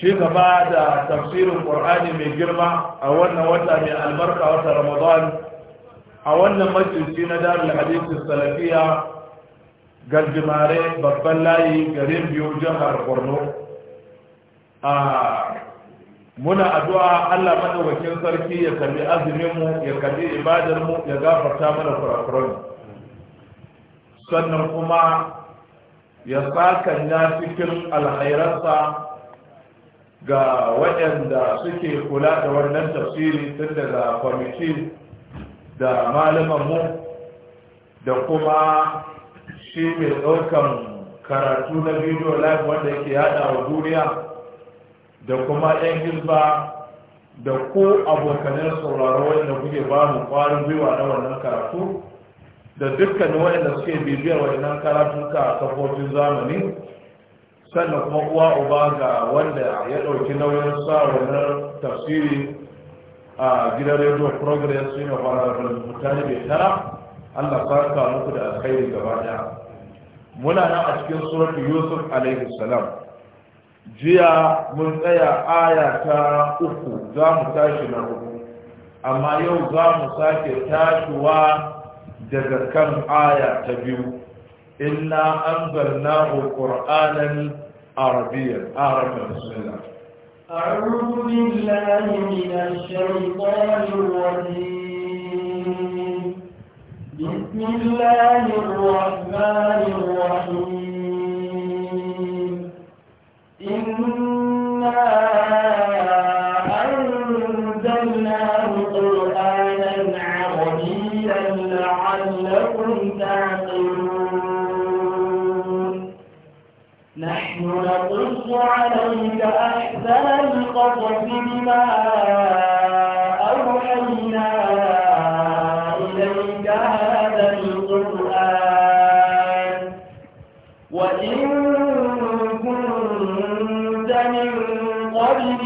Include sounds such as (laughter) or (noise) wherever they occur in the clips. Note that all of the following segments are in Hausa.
ci gaba da tafsirin ƙur'ani mai girma a wannan wata mai albarka wata ramadan a wannan majalisi na darul hadith salafiya galjimare, babban layi garin biyu jihar borno a muna addu'a Allah madaukakin sarki ya kalli azuminmu, ya kalli ibadar mu ya gafarta mana kurakuran sannan kuma ya saka na cikin alhairansa ga waɗanda suke kula da wannan tafsiri tun daga kwamiti da malamanmu da kuma shi mai ɗaukan karatu na video live wanda ke yada wa duniya da kuma 'yan hizba da ko abokanin sauraro wanda kuke ba mu ƙwarin gwiwa na wannan karatu da dukkanin waɗanda suke bibiyar wannan karatu ka kafofin zamani sannan kuma uwa uba ga wanda ya ɗauki nauyin sa na tafsiri a gidan radio progress fara honorable mutane bai tara Allah saka muku da alkhairi gaba daya muna nan a cikin suratul yusuf alaihi salam jiya mun tsaya aya ta uku za mu tashi na uku amma yau za mu sake tashiwa daga kan aya ta biyu إلا أنزلناه قرآنا عربيا أعرف بسم الله أعوذ بالله من الشيطان الرجيم بسم الله الرحمن الرحيم إنا عليك أحسن القصص بما أوحينا إليك هذا القرآن وإن كنت من قبله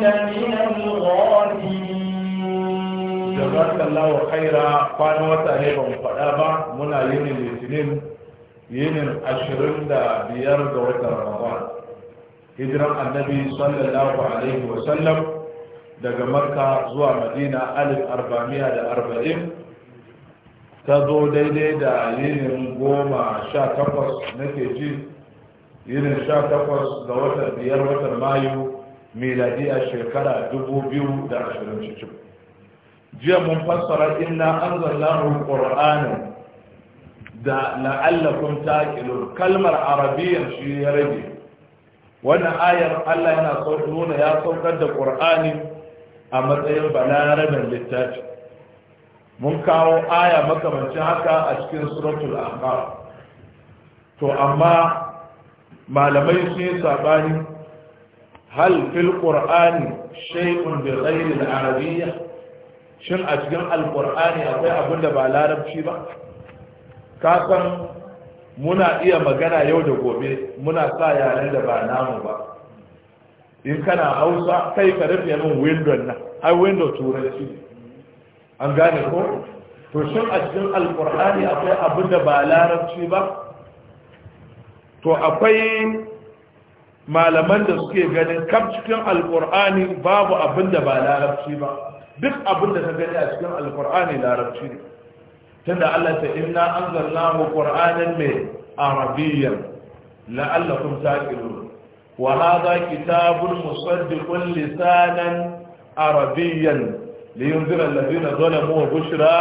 لمن الغافلين جزاك الله خيرا kwanan wata ne ba mu faɗa ba muna yinin litinin yinin ashirin da biyar ga watan ramadan hijiran annabi sallallahu alaihi wasallam daga makka zuwa madina alif arba'amiya da arba'in ta zo daidai da yinin goma sha takwas nake ji yinin sha takwas ga watan biyar watan mayu miladi a shekara dubu biyu da ashirin cikin jiya mun fassara inna an zallahu ƙur'anin da la'allakun taƙilun kalmar Arabiyan shi ya rage wannan ayar Allah yana nuna ya saukar da ƙur'ani a matsayin balarabin littafi mun kawo aya makamancin haka a cikin suratul ahqaf to amma malamai sun yi sabani hal fil qur'ani shay'un bi ghayri al-arabiyya shin a cikin al-qur'ani akwai abin da ba larabci ba ka san muna iya magana yau da gobe muna sa yare da ba namu ba in kana hausa kai ka rufe min windon nan ai window turanci an gane ko to shin a cikin alkur'ani akwai abin da ba larabci ba to akwai malaman da suke ganin kam cikin alkur'ani babu abin da ba larabci ba duk abin da ka gani a cikin alkur'ani larabci ne tunda Allah ta inna mu qur'anan mai arabiyyan la'allakum taqilun wa hadha kitabun musaddiqun lisanan arabiyyan liyunzira alladhina zalamu wa bushra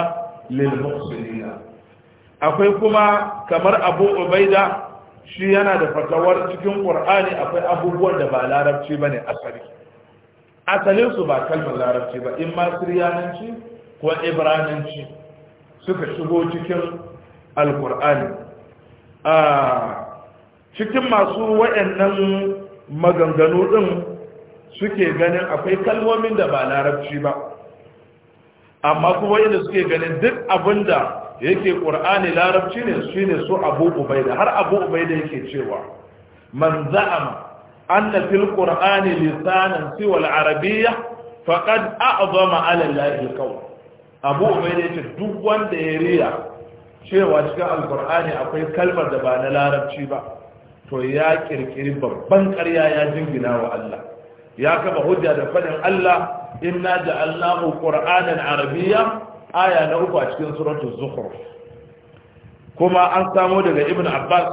lil muhsinin akwai kuma kamar Abu Ubaida shi yana da fatawar cikin Qur'ani akwai abubuwan da ba larabci bane asali asalin su ba kalmar larabci ba in ma siriyananci ko ibrananci suka shigo cikin alkur'ani a cikin masu waɗannan maganganu ɗin suke ganin akwai kalmomin da ba larabci ba amma kuma yadda suke ganin duk abinda yake ƙur'ani larabci ne su ne su abu ubaida har abu ubaida yake cewa man za'ama anna fil qur'ani lisanan siwal arabiya arabiyya faqad a'zama ala allahi abu ubaida ce duk wanda ya riya cewa cikin alkur'ani akwai kalmar da ba na larabci ba to ya kirkiri babban karya ya jingina wa Allah ya kama hujja da fadin Allah inna ja'alnahu qur'anan arabiyya aya na uku a cikin suratul zukhruf kuma an samo daga ibn abbas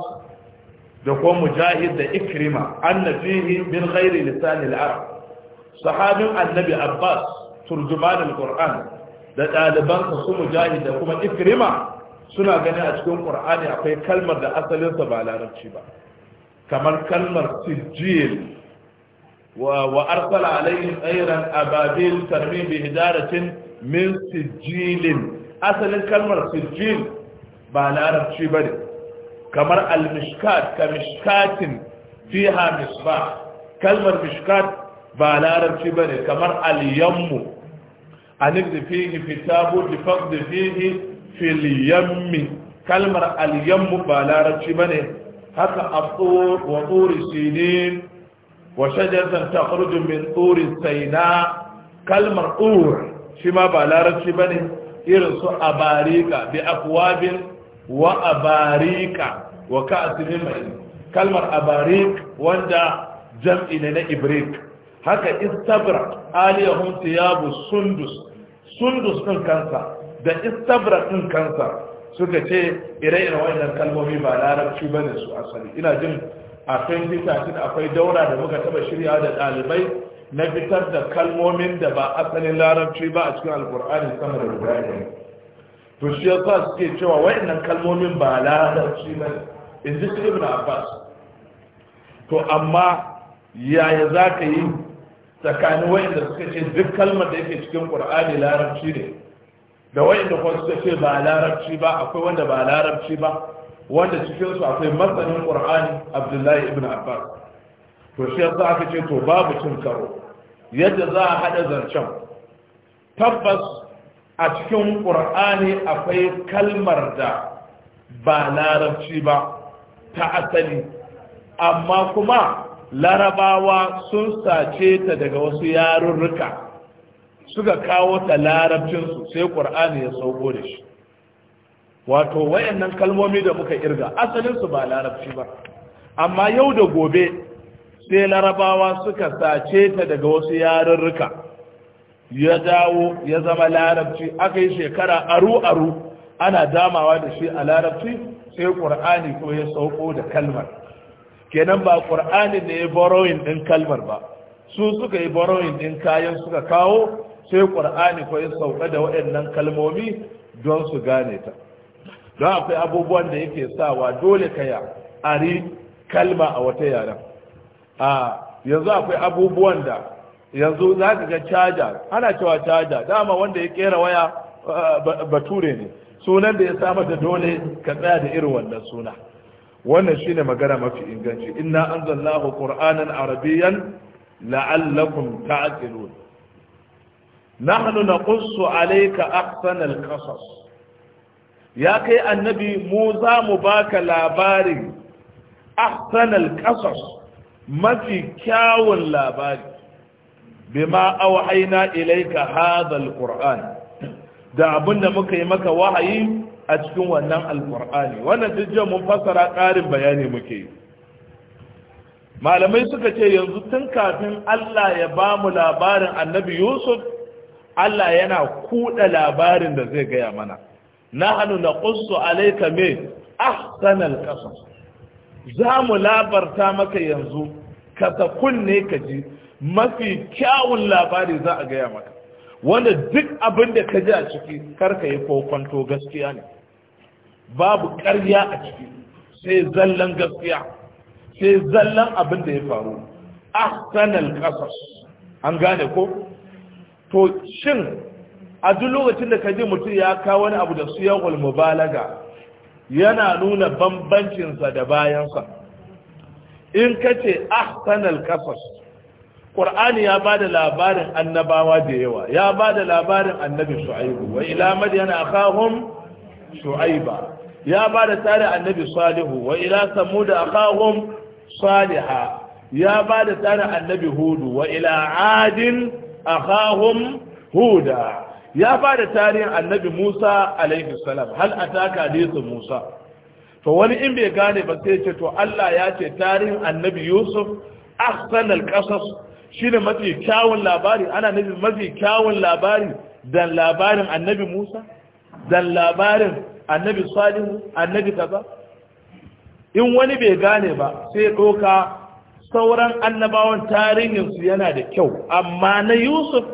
da kuma mujahid da ikrima anna fihi min ghairi lisan al-arab sahabin annabi abbas turjuman al-qur'an da ɗalibansa su mujahid da kuma ikrima suna gani a cikin Kur'ani akwai kalmar da asalinsa ba larabci ba kamar kalmar sijil wa wa arsala alaihim ayran ababil bi hidaratin min sijilin asalin kalmar sijil ba larabci ne. kamar al-mishkat ka mishkatin fiha misbah kalmar mishkat ba larabci ne kamar al هنجد فيه في تابو لفقد فيه في اليم كلمة اليم بلا رجبني هكا الطور وطور السينين وشجرة تخرج من طور السيناء كلمة طور شما بلا رجبني إرس أباريكا بأكواب وأباريكا وكأس من كلمة أباريك وندا جمع إلينا إبريك هكا استبرق آلية هم ثياب السندس sundus ɗin kansa da istabra ɗin kansa suka ce ire-iren waɗannan kalmomi ba larabci ba ne su asali ina jin a 2013 akwai daura da muka taba shirya da ɗalibai na fitar da kalmomin da ba asalin larabci ba a cikin alkur'ani sama da guda ne to shi ya sa suke cewa waɗannan kalmomin ba larabci ba ne in ji ibn abbas to amma yaya za ka yi tsakanin wayanda suka ce duk kalmar da yake cikin qur'ani larabci ne da wayanda kuma suka ce ba larabci ba akwai wanda ba larabci ba wanda cikin su akwai masanin qur'ani abdullahi ibn abbas to shi yasa aka ce to babu cin karo yadda za a hada zancen tabbas a cikin qur'ani akwai kalmar da ba larabci ba ta asali amma kuma larabawa sun sace ta daga wasu yarurruka suka kawo ta larabcinsu sai ƙur'ani ya sauko da shi wato wayannan kalmomi da muka irga asalinsu ba larabci ba amma yau da gobe sai larabawa suka sace ta daga wasu yarurruka ya dawo ya zama larabci aka yi shekara aru-aru ana damawa da shi a larabci sai ƙur'ani ko ya sauko da kalmar kenan ba ƙur'ani ne ya borrowing ɗin kalmar ba su suka yi borrowing ɗin kayan suka kawo sai ƙur'ani ko ya sauka da waɗannan kalmomi don su gane ta don akwai abubuwan da yake sawa dole ka ya ari kalma a wata yaren a yanzu akwai abubuwan da yanzu za ka ga caja ana cewa caja dama wanda ya kera waya eh, bature ne sunan da ya samar da dole ka tsaya da irin wannan suna wannan shine magana mafi inganci inna anzalnahu qur'anan arabiyyan la'allakum ta'qilun nahnu naqussu alayka ahsanal qasas ya kai annabi mu za mu baka labarin ahsanal qasas mafi kyawun labari bima auhaina ilayka hadha alquran da abinda muka yi maka wahayi a cikin wannan alkur'ani wannan jiya mun fassara ƙarin bayani muke yi malamai suka ce yanzu tun kafin allah ya ba mu labarin annabi yusuf allah yana kuɗa labarin da zai gaya mana na hannu na ƙusu alaika me ahsanal qasas za mu labarta maka yanzu ka ta kunne ka ji mafi kyawun labari za a gaya maka wanda duk abin da ka ji a ciki karka yi kokonto gaskiya ne babu karya a ciki sai zallan gaskiya sai zallan abin da ya faru ahsanal qasas an gane ko to shin a duk lokacin da ka ji mutum ya kawo wani abu da siyawul mubalaga yana nuna bambancinsa da bayansa in ka ce ahsanal qasas Qur'ani ya bada labarin annabawa da yawa ya bada labarin annabi Shu'aibu wa ila madyana akhahum Shu'aiba ya bada tare annabi Salihu wa ila samud akhahum Saliha ya bada tare annabi Hudu wa ila adin akhahum Huda ya bada tarihin annabi Musa alaihi salam hal ataka hadithu Musa to wani in bai gane ba sai ce to Allah ya ce tarihin annabi Yusuf ahsanal qasas ne mafi kyawun labari ana nufin mafi kyawun labari dan labarin annabi Musa dan labarin annabi Salihu annabi kaza in wani bai gane ba sai doka sauran annabawan tarihinsu yana da kyau amma na Yusuf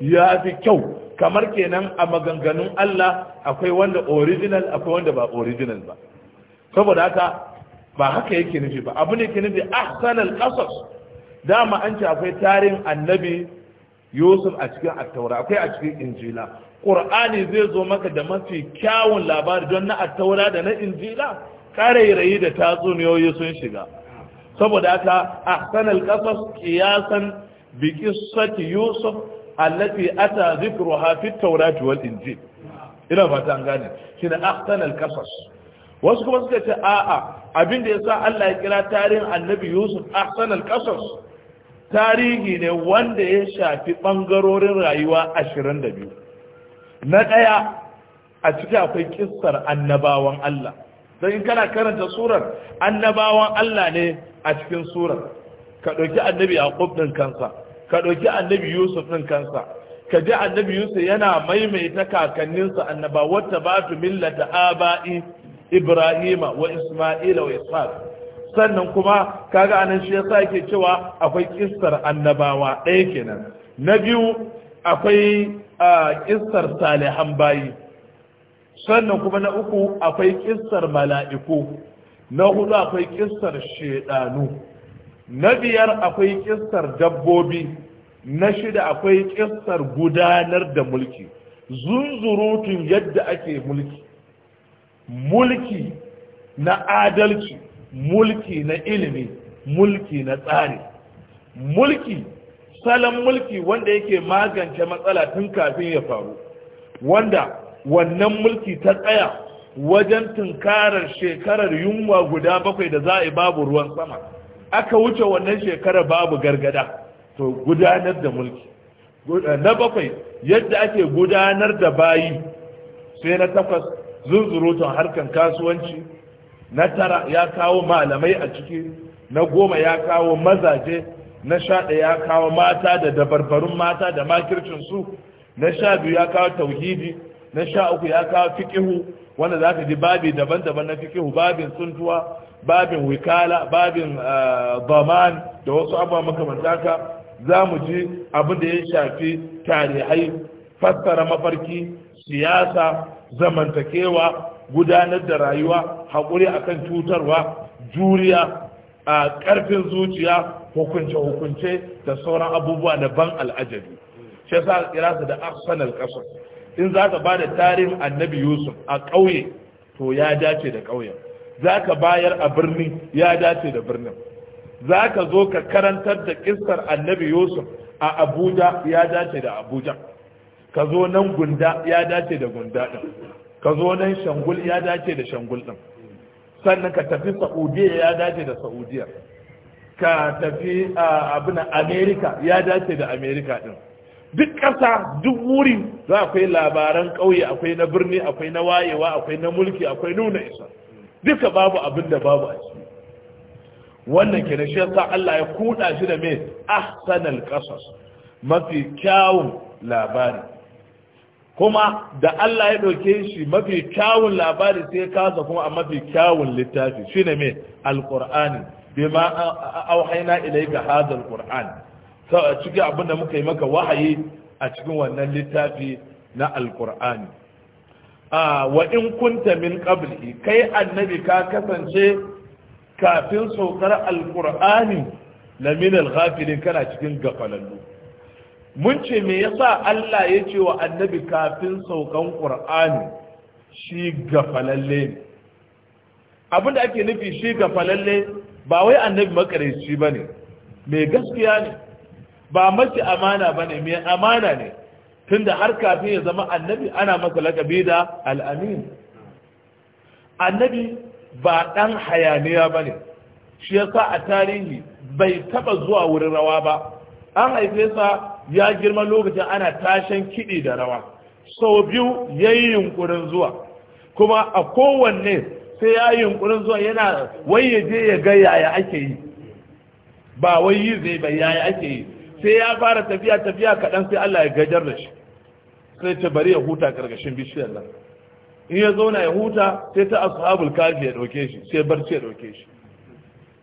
ya fi kyau kamar kenan a maganganun Allah akwai wanda original akwai wanda ba original ba saboda haka ba haka yake nufi ba abu ne ke nufi ahsanal qasas dama an ce akwai tarin annabi yusuf a cikin attaura akwai a cikin injila ƙur'ani zai zo maka da mafi kyawun labari don na attaura da na injila ƙarairayi da tatsuniyoyi sun shiga saboda aka ahsan al-qasas qiyasan bi qissati yusuf allati ata dhikruha fi at-taurat wal injil ina fata an gane shine ahsan al-qasas wasu kuma suka ce a'a abin da ya sa Allah ya kira tarihin annabi yusuf ahsan al-qasas tarihi ne wanda ya shafi ɓangarorin rayuwa ashirin da biyu na ɗaya a ciki akwai kissar annabawan Allah don in kana karanta surar annabawan Allah ne a cikin surar ka ɗauki annabi Ya'ub ɗin kansa ka ɗauki annabi Yusuf ɗin kansa ka ji annabi Yusuf yana maimaita kakanninsa annaba wata ba tu millata aba'i Ibrahima wa Isma'ila wa Ishaq sannan kuma kaga anan shi yasa yake cewa akwai kissar annabawa ɗaya kenan na biyu akwai kissar salihan bayi sannan kuma na uku akwai kissar mala'iku na hudu akwai kissar shedanu na biyar akwai kissar dabbobi na shida akwai kissar gudanar da mulki zunzurutun yadda ake mulki mulki na adalci mulki na ilimi mulki na tsari mulki salon mulki wanda yake magance matsala tun kafin ya faru wanda wannan mulki ta tsaya wajen tunkarar shekarar yunwa guda bakwai da za a yi babu ruwan sama aka wuce wannan shekarar babu gargada to gudanar da mulki na bakwai yadda ake gudanar da bayi sai na takwas zunzurutun harkar kasuwanci na tara ya kawo malamai a ciki na goma ya kawo mazaje na sha ya kawo mata da dabarbarun mata da makircinsu na sha biyu ya kawo tauhidi na sha uku ya kawo fikihu wanda za ka ji babi daban-daban na fikihu babin suntuwa babin wikala babin baman ah, da wasu abuwa makamantaka za mu ji abin da ya shafi tarihai fassara mafarki siyasa zamantakewa gudanar da rayuwa haƙuri akan cutarwa juriya a ƙarfin zuciya hukunce-hukunce da sauran abubuwa na ban al'ajabi shi yasa kira su da ahsanal ƙasa in za ka bada tarihin annabi yusuf a ƙauye to ya dace da ƙauye. za ka bayar a birni ya dace da birnin za ka zo ka karantar da ƙistar annabi yusuf a abuja ya dace da abuja ka zo nan gunda ya dace da gunda ɗin ka zo nan shangul ya dace da shangul ɗin sannan ka tafi saudiya ya dace da saudiya ka tafi abin Amerika ya dace da Amerika ɗin. duk ƙasa duk wuri za akwai labaran ƙauye akwai na birni akwai na wayewa akwai na mulki akwai nuna isa duka babu abin da babu a ciki wannan kenan shi yasa Allah ya kuɗa shi da mai ahsanal qasas mafi kyawun labari kuma da Allah ya ɗauke shi mafi kyawun labari sai kasa kuma a mafi kyawun littafi shi ne mai alƙur'ani bai ma auhaina ilai ga hadar a cikin abin da muka yi maka wahayi a cikin wannan littafi na alƙur'ani wa in kunta min qabli kai annabi ka kasance kafin saukar alƙur'ani lamin alghafilin kana cikin gafalallu mun ce me yasa Allah ya ce wa annabi kafin saukan Qur'ani shi gafalalle abin da ake nufi shi gafalalle ba wai annabi ba bane mai gaskiya ne ba mace amana bane mai amana ne tunda har kafin ya zama annabi ana masa lakabi da al'amin annabi ba ɗan hayaniya ba ne shi yasa a tarihi bai taɓa zuwa wurin rawa ba an haife sa ya girma lokacin ana tashen kiɗi da rawa sau biyu ya yi yunkurin zuwa kuma a kowanne sai ya yi yunkurin zuwa yana wai ya je ya ga yaya ake yi ba wai yi zai ba yaya ake yi sai ya fara tafiya tafiya kaɗan sai Allah ya gajar da shi sai ta bari ya huta ƙarƙashin bishiyar nan in ya zauna ya huta sai ta ashabul kafi ya ɗauke shi sai barci ya ɗauke shi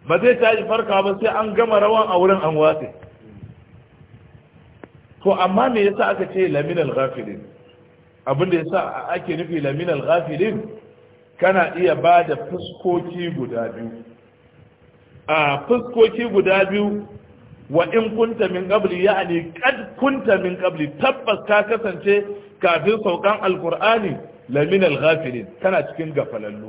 ba zai tashi farka ba sai an gama rawan a wurin an watse to amma me yasa aka ce laminal ghafilin abinda yasa ake nufi laminal ghafilin kana iya ba da fuskoki guda biyu a fuskoki guda biyu wa in kunta min qabli ya'ni qad kunta min qabli tabbas ka kasance kafin saukan alqur'ani laminal ghafilin kana cikin gafalallu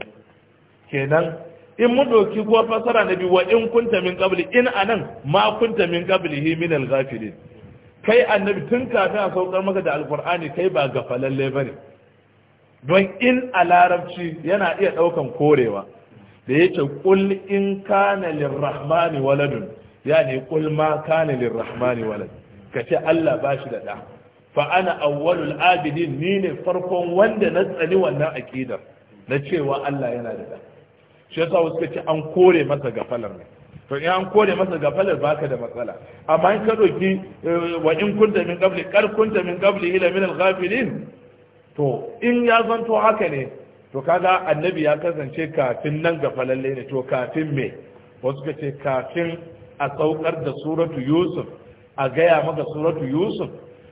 kenan in mun ɗauki kuwa fasara na biyu wa in kunta min qabli in anan ma kunta min qablihi min al-ghafilin kai annabi tun kafin a saukar maka da alkur'ani kai ba gafalalle ba ne don in a larabci yana iya ɗaukan korewa da ya ce kul in kana lirrahmani waladun ya ne kul ma kana lirrahmani waladun ka ce Allah ba shi da ɗa fa ana awwalul abidin ni ne farkon wanda na tsani wannan akidar na cewa Allah yana da ɗa shi yasa wasu ce an kore masa gafalar ne to in an kore masa gafalar baka da matsala amma in ka doki eh, wa in kunta min qabli kar kunta min qabli ila min al-ghafilin to in ya zanto haka ne to kaga annabi ya kasance kafin nan gafalalle ne to kafin me wasu ka ce kafin a saukar da suratu yusuf a gaya maka suratu yusuf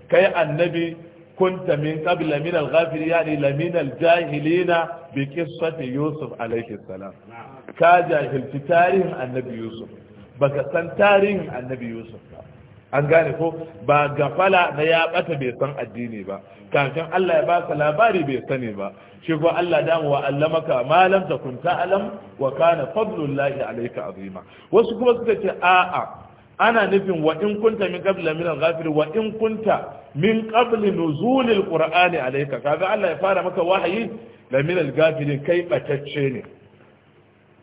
kai annabi kunta min qabla min al-ghafir yani lamin al-jahilina bi qissati yusuf alayhi salam ka jahilci tarihin annabi yusuf baka san tarihin annabi yusuf ba an gane ko ba gafala na ya bata bai san addini ba kafin Allah ya baka labari bai sani ba shigo Allah dama wa malam ma lam takun ta'lam wa kana fadlullahi alayka azima wasu kuma suka ce a'a ana nufin wa in kunta min qabla min al-ghafir wa in kunta min qabli nuzul al-qur'ani alayka kaga Allah ya fara maka wahayi la min al-ghafir kai batacce ne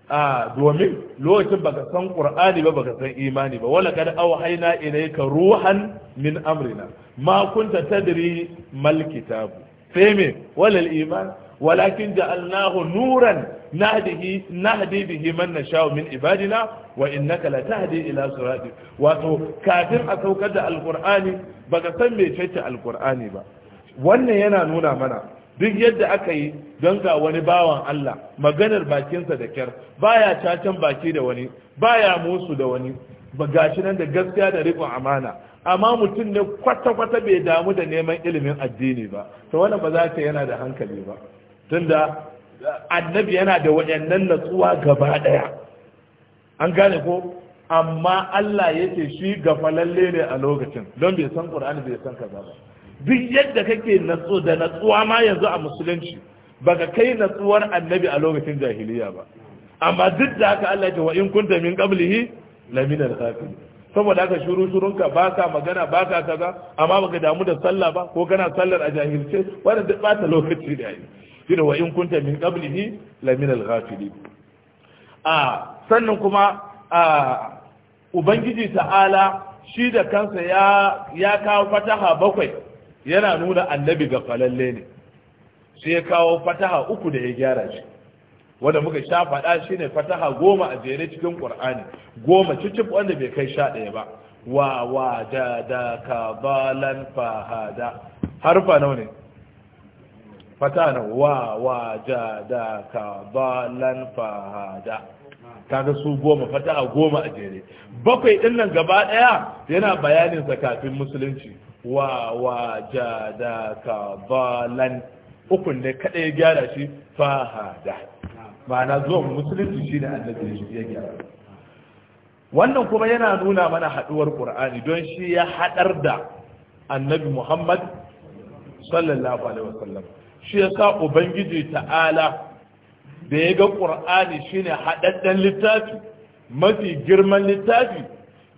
a domin lokacin baka san qur'ani ba baka san imani ba wala kad awhayna ilayka ruhan min amrina ma kunta tadri mal kitab sai wala al-iman walakin ja'alnahu nuran nahdihi nahdi bihi man nasha'u min ibadina wa innaka la ila sirati wato kafin a saukar da alqur'ani baka san me ce alqur'ani ba wannan yana nuna mana duk yadda aka yi don ga wani bawan Allah maganar bakinsa da kyar baya cacan baki da wani baya musu da wani ba gashi nan da gaskiya da riƙon amana amma mutum ne kwata-kwata bai damu da neman ilimin addini ba ta wannan ba za ta yana da hankali ba tunda annabi yana da waɗannan natsuwa gaba ɗaya an gane ko amma Allah yake shi shi gafalalle ne a lokacin don bai san Qur'ani bai san kaza ba duk yadda kake natsu da natsuwa ma yanzu a musulunci baka kai natsuwar annabi a lokacin jahiliya ba amma duk da haka Allah ya ce wa in kunta min qablihi la min al saboda haka shuru shurunka baka magana baka kaza amma baka damu da sallah ba ko kana sallar a jahilce wannan duk ba ta lokaci da yi shine wa in kunta min qablihi la min al-ghafilin a sannan kuma ubangiji ta'ala shi da kansa ya ya kawo fataha bakwai yana nuna annabi ga falalle ne sai ya kawo fataha uku da ya gyara shi wanda muka sha faɗa shine fataha goma a jere cikin qur'ani goma cicif wanda bai kai sha ɗaya ba wa wa da da balan fahada harfa nawa ne fatana wa wa ja da ka balan fahada kaga su goma fata a goma a jere bakwai din nan gaba daya yana bayanin sa kafin musulunci wa wa ja da ka balan ukun ne kada ya gyara shi fahada ma'ana zuwa musulunci shi ne annabi ya gyara wannan kuma yana nuna mana haduwar qur'ani don shi ya hadar da annabi muhammad sallallahu alaihi wasallam shi yasa ubangiji ta'ala da ya ga ƙur'ani shine haɗaɗɗen littafi mafi girman littafi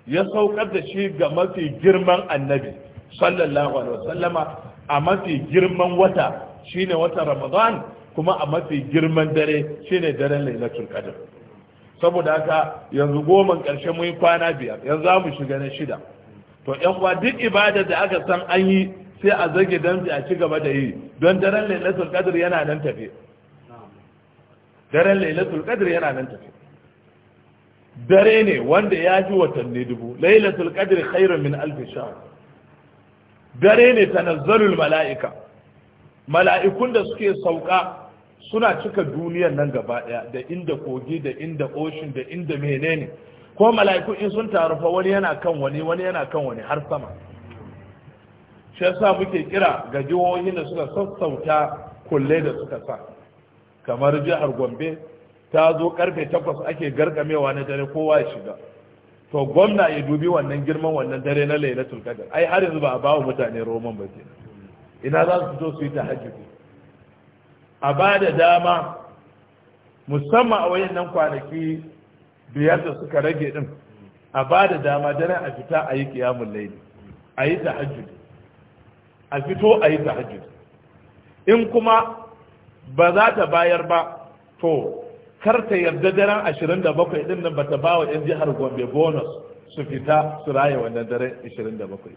ya saukar da shi ga mafi girman annabi sallallahu alaihi wasallama a mafi girman wata shine wata ramadan kuma a mafi girman dare shine daren lailatul qadr saboda haka yanzu goma ƙarshe mun kwana biyar yanzu za mu shiga na shida to yan uwa duk ibada da aka san an yi sai a zage damji a ci gaba da yi don daren lailatul qadr yana nan tafe daren lailatul qadr yana nan tafe dare ne wanda ya ji watanni dubu lailatul qadr khairun min alf shahr dare ne tanazzalul mala'ika mala'ikun da suke sauka suna cika duniyar nan gaba daya da inda kogi da inda ocean da inda menene ko malaiku in sun taru fa wani yana kan wani wani yana kan wani har sama shi yasa muke kira ga jihohin da suka sassauta kulle da suka sa kamar jihar gombe ta zo karfe takwas ake gargamewa na dare kowa ya shiga to gwamna ya dubi wannan girman wannan dare na lailatul tulkadar ai har yanzu ba a ba mutane roman ba ke ina za su zo su yi tahajjudi a ba da dama musamman a nan kwanaki biyar da suka rage din a ba da dama dare a fita a yi kiyamun laili a yi tahajjudi a fito a yi tahajjud in kuma ba za ta bayar ba to kar ta yarda daren ashirin da bakwai din nan ba ta ba wa 'yan jihar gombe bonus su fita su raye wannan daren ashirin da bakwai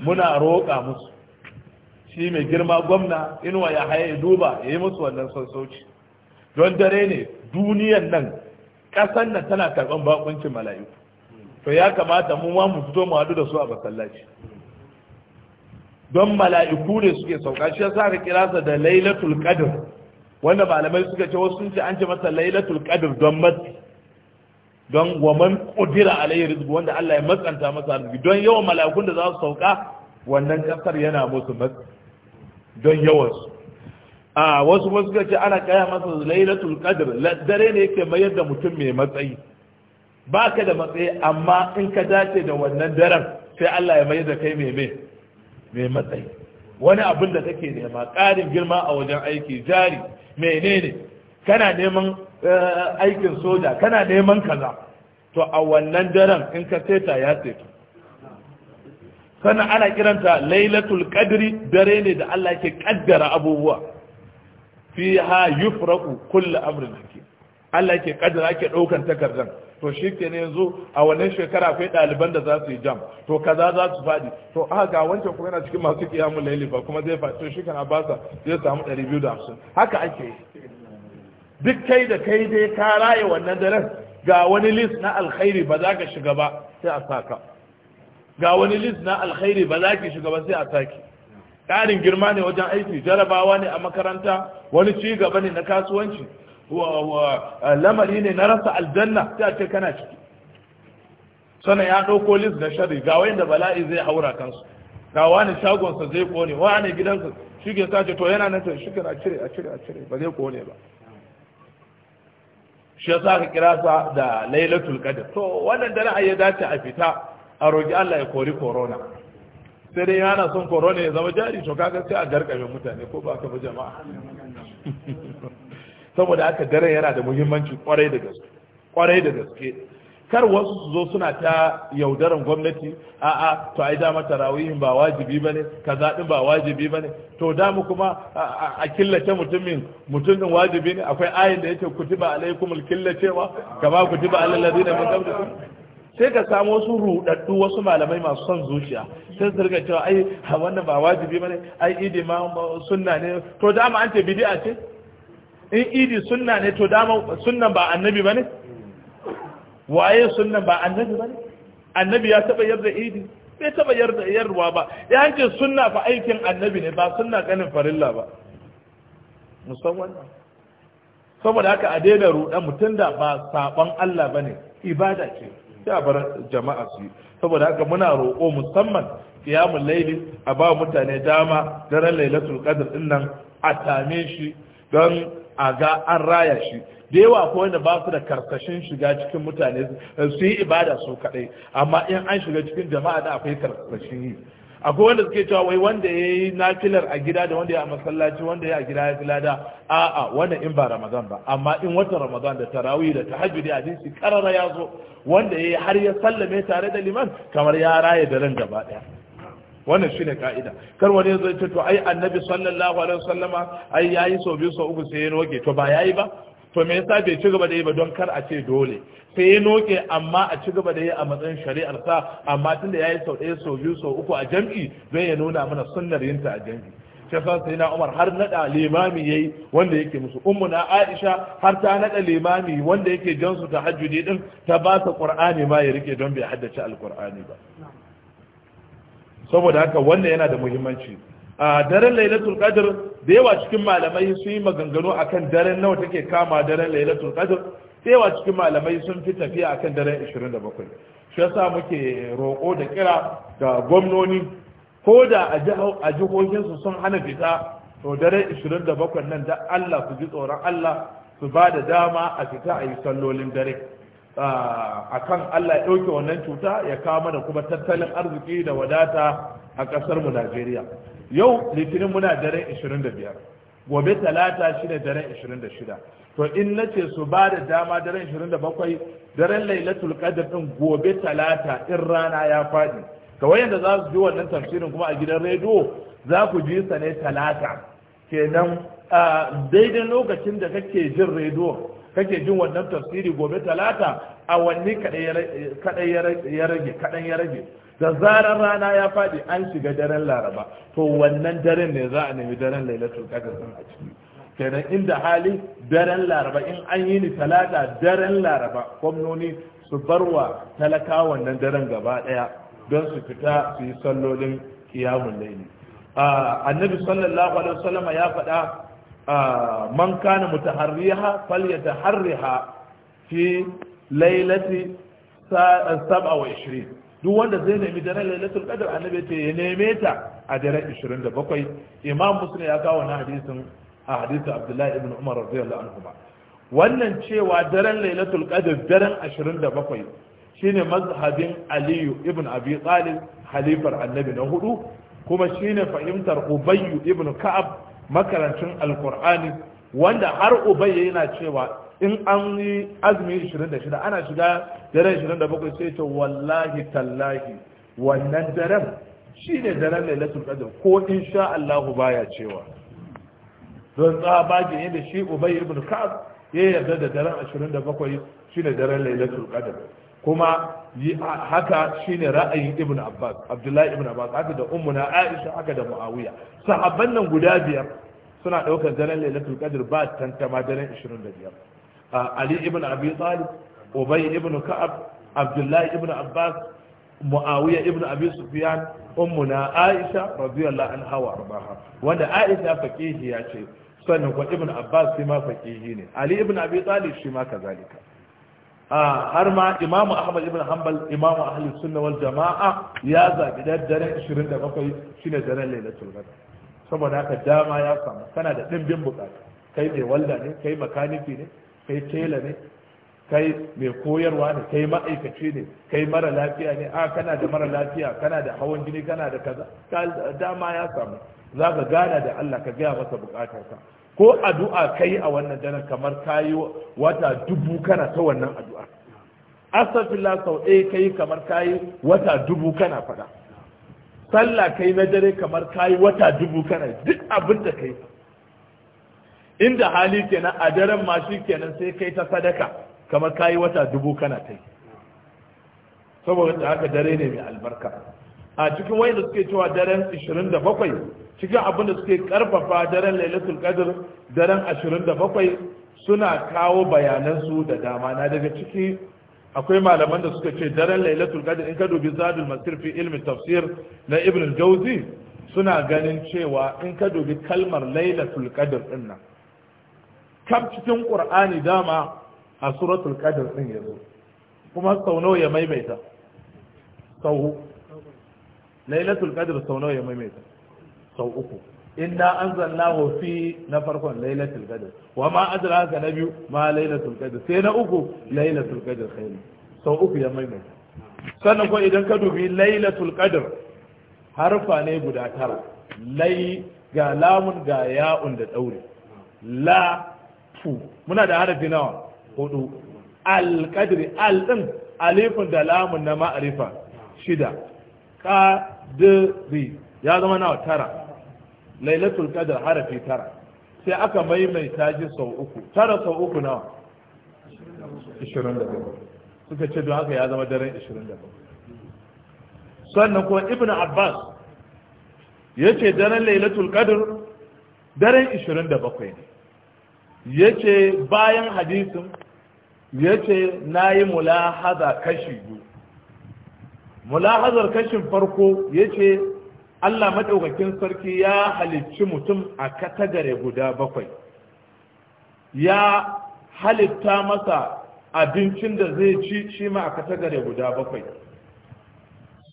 muna roƙa musu shi mai girma gwamna inuwa ya haye duba ya yi musu wannan sassauci don dare ne duniyan nan ƙasan nan tana karɓar bakuncin mala'iku to ya kamata mu ma mu fito mu haɗu da su a masallaci don mala'iku ne suke sauka shi yasa ka kira sa da lailatul qadr wanda malamai suka ce wasu sun ce an ce masa lailatul qadr don matsi don wa man qudira alayhi rizqu wanda Allah ya matsanta masa rizqi don yawan mala'ikun da za su sauka wannan kasar yana musu matsi don yawan su a wasu wasu suka ce ana kaya masa lailatul qadr dare ne yake mayar da mutum mai matsayi baka da matsayi amma in ka dace da wannan daren sai Allah ya mayar da kai mai mai mai matsayi wani abin da take nema ƙarin girma a wajen aiki jari menene kana neman eh, aikin soja kana neman kaza to a wannan daren in ka seta ya seta sannan ana kiranta lailatul qadri dare ne da Allah ke kaddara abubuwa fiha yufraqu kullu amrin hakim Allah ke kaddara yake daukan takardan to shi ke ne yanzu a wannan shekara akwai ɗaliban da za su yi jam to kaza za su faɗi to a ga wancan kuma yana cikin masu kiyamun laili ba kuma zai faɗi to shi kan abasa zai samu ɗari biyu da hamsin haka ake yi duk kai da kai dai ka raye wannan daren ga wani list na alkhairi ba za ka shiga ba sai a saka ga wani list na alkhairi ba za ki shiga ba sai a saki ƙarin girma ne wajen aiki jarabawa ne a makaranta wani ci gaba ne na kasuwanci lamari ne na rasa aljanna sai a ce kana ciki sana ya ɗauko lis na shari ga wanda bala'i zai haura kansu ga wani shagonsa zai kone wani gidansa shi ke sace to yana nan to a cire a cire a cire ba zai kone ba shi yasa ka kira sa da lailatul qadr to wannan da ra'ayi dace a fita a roki Allah ya kori corona sai dai yana son corona ya zama jari to kaga sai a garkame mutane ko ba ka ba jama'a saboda haka daren yana da muhimmanci kwarai da gaske kwarai da gaske kar wasu su zo suna ta yaudaran gwamnati a a to ai dama tarawihin ba wajibi bane kaza din ba wajibi bane to mu kuma a killace mutumin mutumin wajibi ne akwai ayin da yake kutiba alaikumul killacewa kama kutiba alal ladina min qablikum sai ka samu wasu rudaddu wasu malamai masu son zuciya sai su riga cewa ai wannan ba wajibi bane ai idi ma sunna ne to dama an ce bid'a ce in idi sunna ne to dama sunnan ba annabi ba ne waye sunnan ba annabi ba ne annabi ya taɓa yarda idi bai taɓa yarda yarwa ba ya hanke sunna fa aikin annabi ne ba sunna ganin farilla ba musamman saboda haka a daina ruɗa mutum da ba saɓon Allah ba ne ibada ce sai a bar jama'a su yi saboda haka muna roƙo musamman kiyamun laili a ba mutane dama daren lailatul qadr din nan a tame shi don a ga an raya shi da yawa ko wanda ba su da karkashin shiga cikin mutane su yi ibada su kaɗai amma in an shiga cikin jama'a da akwai karkashin yi akwai wanda suke cewa wai wanda ya yi nafilar a gida da wanda ya a masallaci wanda ya a gida ya fi lada a'a wannan in ba ramadan ba amma in watan ramadan da tarawih da tahajjudi a jinsi karara ya zo wanda ya yi har ya sallame tare da liman kamar ya raya daren gaba ɗaya. wannan shine ka'ida kar wani ya ce to ai annabi sallallahu alaihi wasallama ai yayi so biyu so uku sai ya noke to ba yayi ba to me yasa bai ci gaba da yi ba don kar a ce dole sai ya noke amma a ci gaba da yi a matsayin shari'ar sa amma tunda yayi sau ɗaya sau biyu sau uku a jam'i don ya nuna mana sunnar yinta a jam'i shi sai na Umar har nada limami yayi wanda yake musu ummu na Aisha har ta nada limami wanda yake jansu tahajjudi din ta ba ta Qur'ani ma ya rike don bai haddace alkur'ani ba saboda haka wannan yana da muhimmanci a daren lailatul qadr da yawa cikin malamai sun yi maganganu akan daren nawa take kama daren lailatul qadr da yawa cikin malamai sun fi tafiya akan daren 27 shi yasa muke roƙo da kira ga gwamnoni ko da a jihohinsu sun hana fita to daren 27 nan da Allah su ji tsoron Allah su ba da dama a fita a yi sallolin dare a kan Allah ya ɗauke wannan cuta ya kawo mana kuma tattalin arziki da wadata a ƙasar mu Najeriya yau litinin muna daren 25 gobe talata shine daren 26 to in nace su ba da dama daren 27 daren lailatul qadr din gobe talata in rana ya faɗi ga wayanda za su ji wannan tafsirin kuma a gidan rediyo za ku ji sa ne talata kenan daidai lokacin da kake jin rediyo kake jin wannan tafsiri gobe talata awanni kaɗai ya kaɗan ya rage da zarar rana ya faɗi an shiga daren laraba to wannan daren ne za a nemi daren lailatul qadr a ciki kenan inda hali daren laraba in an yi ni talata daren laraba gwamnoni su barwa talaka wannan daren gaba ɗaya don su fita su yi sallolin kiyamun laili ah, annabi sallallahu alaihi wasallam ya faɗa man kana mutaharriha falyataharriha fi lailati 27 duk wanda zai nemi daren lailatul qadr annabi ce ya neme ta a daren 27 imam muslim ya kawo na hadisin a hadisin abdullahi ibn umar radiyallahu anhu wannan cewa daren lailatul qadr daren 27 shine mazhabin aliyu ibn abi talib halifar annabi na hudu kuma shine fahimtar ubayyu ibn ka'ab makarancin alkur'ani wanda har ubai yana cewa in an yi azumi 26 ana shiga daren 27 sai ce wallahi tallahi wannan daren shi ne daren lasu kadar ko sha Allahu baya cewa don tsabagin yadda shi ubai ibn ka'ab ya yarda da daren 27 shi ne daren lasu kadar kuma haka shine ra'ayin ibn abbas abdullahi ibn abbas haka da ummuna aisha haka da muawiya sahabban nan guda biyar suna daukar daren lailatul qadr ba tantama daren 25 ali ibn abi talib ubay ibn ka'ab abdullahi ibn abbas muawiya ibn abi sufyan ummuna aisha radiyallahu anha wa arbaha wanda aisha faqihi ya ce sannan ko ibn abbas shi ma faqihi ne ali ibn abi talib shi ma kazalika har ma imamu ahmad ibn hanbal imamu ahli sunna wal jama'a ya zabi da daren 27 shine dare lailatul qadr saboda haka dama ya samu kana da dimbin bukata kai mai walda ne kai makaniki ne kai tela ne kai mai koyarwa ne kai ma'aikaci ne kai mara lafiya ne a kana da mara lafiya kana da hawan jini kana da kaza dama ya samu za ka gana da Allah ka gaya masa bukatarka ko addu'a kai a wannan daren kamar kayi wata dubu kana ta wannan addu'a astaghfirullah sau ɗaya kai kamar kayi wata dubu kana faɗa sallah kai na dare kamar kayi wata dubu kana duk abin da kai inda hali kenan a daren ma shi kenan sai kai ta sadaka kamar kayi wata dubu kana ta yi saboda haka dare ne mai albarka a cikin wayanda suke cewa daren 27 cikin abin da suke karfafa daren lailatul qadr daren 27 suna kawo bayanan su da dama na daga ciki akwai malaman da suka ce daren lailatul qadr in ka dubi zadul masir fi ilmi tafsir na ibn al-jawzi suna ganin cewa in ka dubi kalmar lailatul qadr din nan kam cikin qur'ani dama a suratul qadr din yazo kuma sau nawa ya maimaita sau lailatul qadr sau nawa ya maimaita sau uku inna anzalnahu fi na farkon lailatul qadr wa ma adraka na biyu ma lailatul qadr sai na uku lailatul qadr khairu sau uku ya maimaita sannan ko idan ka dubi lailatul qadr harfa ne guda tara lai ga lamun ga ya'un da daure la tu muna da harafi nawa hudu al qadr al din alifun da lamun na ma'arifa shida qadri ya zama nawa tara lailatul qadar harafi tara sai aka maimaita ji sau uku tara sau uku nawa 27 suka ce don haka ya zama daren 27 sannan kuma ibnu abbas ya ce daren lailatul qadar daren 27 ne ya ce bayan hadisin ya ce na yi mulahaza kashi biyu mulahazar kashin farko ya ce Allah madaukakin sarki ya halicci mutum a katagare guda bakwai ya halitta masa abincin da zai ci shi ma a katagare guda bakwai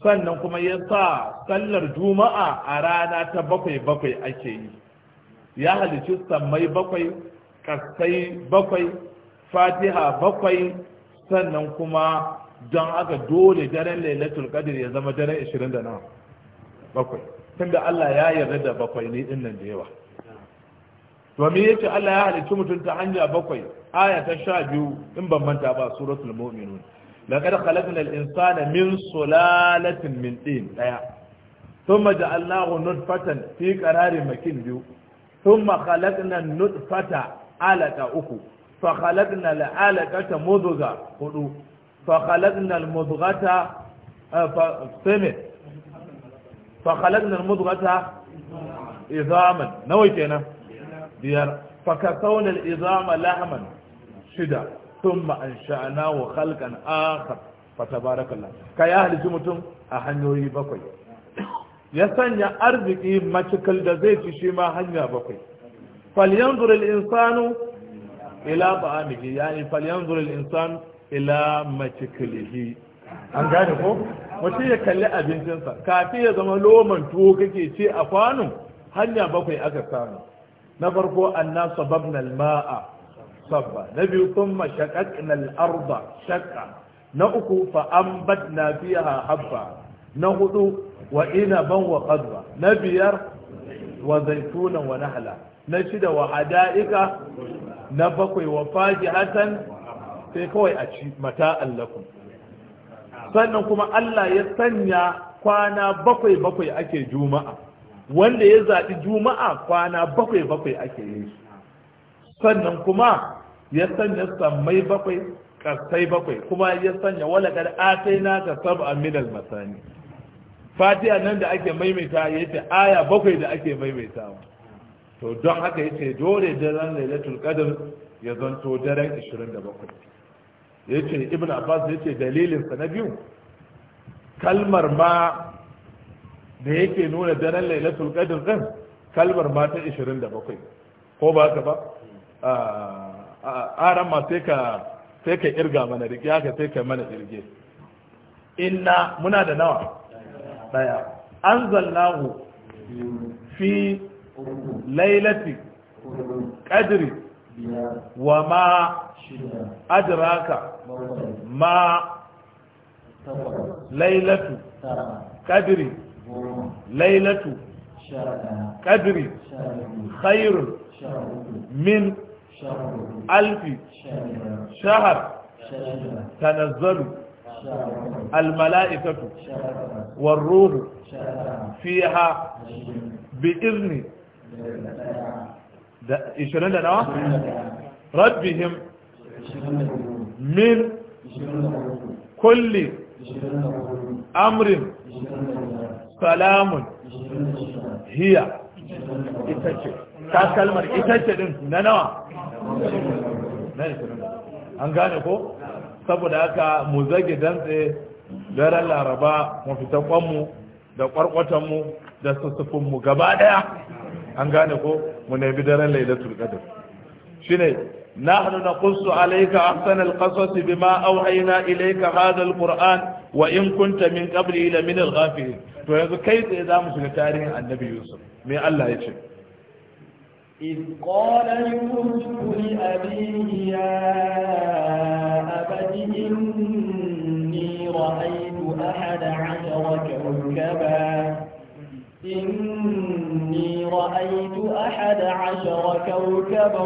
sannan kuma ya sa sallar juma'a a rana ta bakwai bakwai ake yi ya halicci sammai bakwai kasai bakwai fatiha bakwai sannan kuma don aka dole daren lailatul qadr ya zama daren 29 bakwai tunda Allah ya yarda da bakwai ne in nan da yawa domin yake yace Allah ya halicci mutum ta hanya bakwai aya ta sha biyu in ban manta ba suratul mu'minun laqad khalaqnal insana min sulalatin min tin daya ثم جعلناه نطفة في قرار مكين بيو ثم خلقنا النطفة علقة أكو فخلقنا العلقة مضغة فخلقنا المضغة فسمت fa khalaqna al izaman nawa kenan biyar fa kasawna izama lahman shida thumma wa halkan akhar fa tabarakallah kai ahli mutum a hanyoyi bakwai ya sanya arziki macikal da zai ci shi ma hanya bakwai falyanzur al-insanu ila ta'amihi yani falyanzur al-insanu ila macikalihi an gane ko mutum ya kalli abincinsa kafin ya zama loman tuwo kake ce a kwano hanya bakwai aka samu na farko anna sababna ma'a sabba na biyu kuma shaqaqna al-arda shaqqa na uku fa ambatna fiha habba na hudu wa inaban wa qadba na biyar wa zaytunan wa nahla na shida wa hada'ika na bakwai wa fajihatan sai kawai a ci mata allakum sannan kuma Allah ya sanya kwana bakwai bakwai ake juma'a wanda ya zaɓi juma'a kwana bakwai bakwai ake yi sannan kuma ya sanya sammai bakwai ƙasai bakwai kuma ya sanya wala kad ataina ka sab'a min al masani fatiha nan da ake maimaita yace aya bakwai da ake maimaitawa to don haka yace dole daren lailatul qadr ya zanto daren 27 ya ce ibn abbas ya ce dalilinsa na biyu kalmar ma da yake nuna daren lailatul qadr din kalmar ma ta 27 ko ba ka ba aran ma sai ka sai ka irga mana rike haka sai ka mana irge inna muna da nawa daya anzalnahu fi lailati qadri wa ma adraka ما ليلة كدر ليلة كدر خير من ألف شهر تنزل الملائكة والروح فيها بإذن ربهم min kulli amrin سلام hiya itace ta kalmar ita ce din na nawa an gane saboda haka mu zage dantse daren laraba mu fita kwanmu da kwarkwatanmu da sussufinmu gaba daya an gane ko mu nemi daren lailatul qadr shine نحن نقص عليك أحسن القصص بما أوحينا إليك هذا القرآن وإن كنت من قبله لمن الغافلين فيقول كيف إذا مسلم تاريخ النبي يوسف من الله يشك إذ قال يوسف لأبيه يا أبت إني رأيت أحد عشر كوكبا إني رأيت أحد عشر كوكبا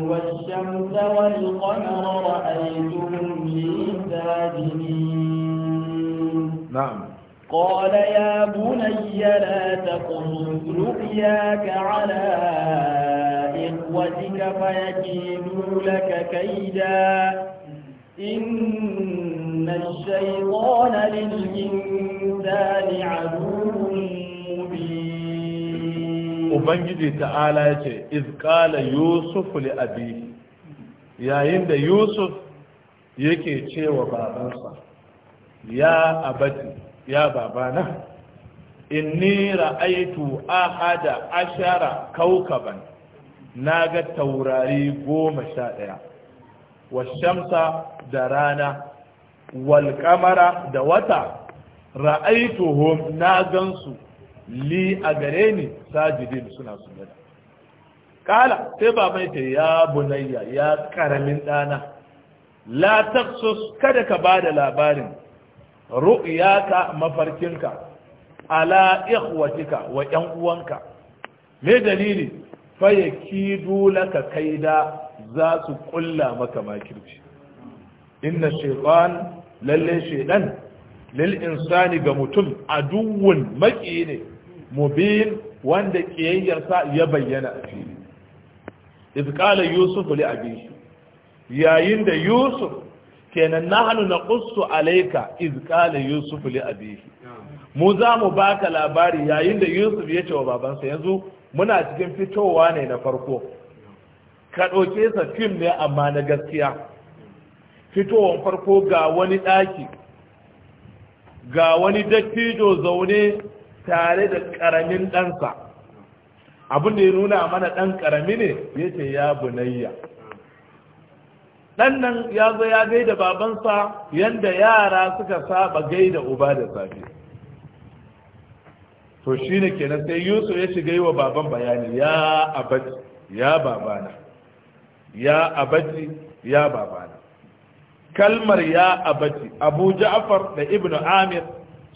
والشمس والقمر رأيتهم لي ساجدين نعم قال يا بني لا تقل رؤياك على إخوتك فيكيدوا لك كيدا إن الشيطان للإنسان عدو ubangiji ta'ala ya ce izkala yusuf li abi yayin da yusuf yake cewa babansa ya abati ya babana inni ra'aitu ahada ashara kaukaban ga taurari goma sha ɗaya washamsa da rana walƙamara da wata ra'aituhum na gansu li a gare ni sajidin suna sujada kala sai ba mai ta ya bunayya ya karamin dana la taqsus kada ka bada labarin ru'yaka mafarkinka ala ikhwatika wa yan uwanka me dalili fa yakidu laka kaida za su kulla maka makirci inna shaytan lalle shaydan lil insani ga mutum aduwun maki ne mubin wanda kiyayyarsa ya bayyana a fili izkala yusuf li abishi yayin da yusuf kenan nahnu naqussu alayka izkala yusuf li abishi mu za mu baka labari yayin da yusuf ya ce wa babansa yanzu muna cikin fitowa ne na farko ka ɗauke sa fim ne amma na gaskiya fitowar farko ga wani ɗaki ga wani dattijo zaune tare da ƙaramin ɗansa abin da ya nuna mana ɗan karami ne ya ce ya bunayya ɗan nan ya zo ya gaida babansa yadda yara suka saba gaida uba da safe to shi ne kenan sai yusuf ya shiga yi wa baban bayani ya abaji ya babana ya abaji ya babana kalmar ya abaji abu ja'far da ibnu amir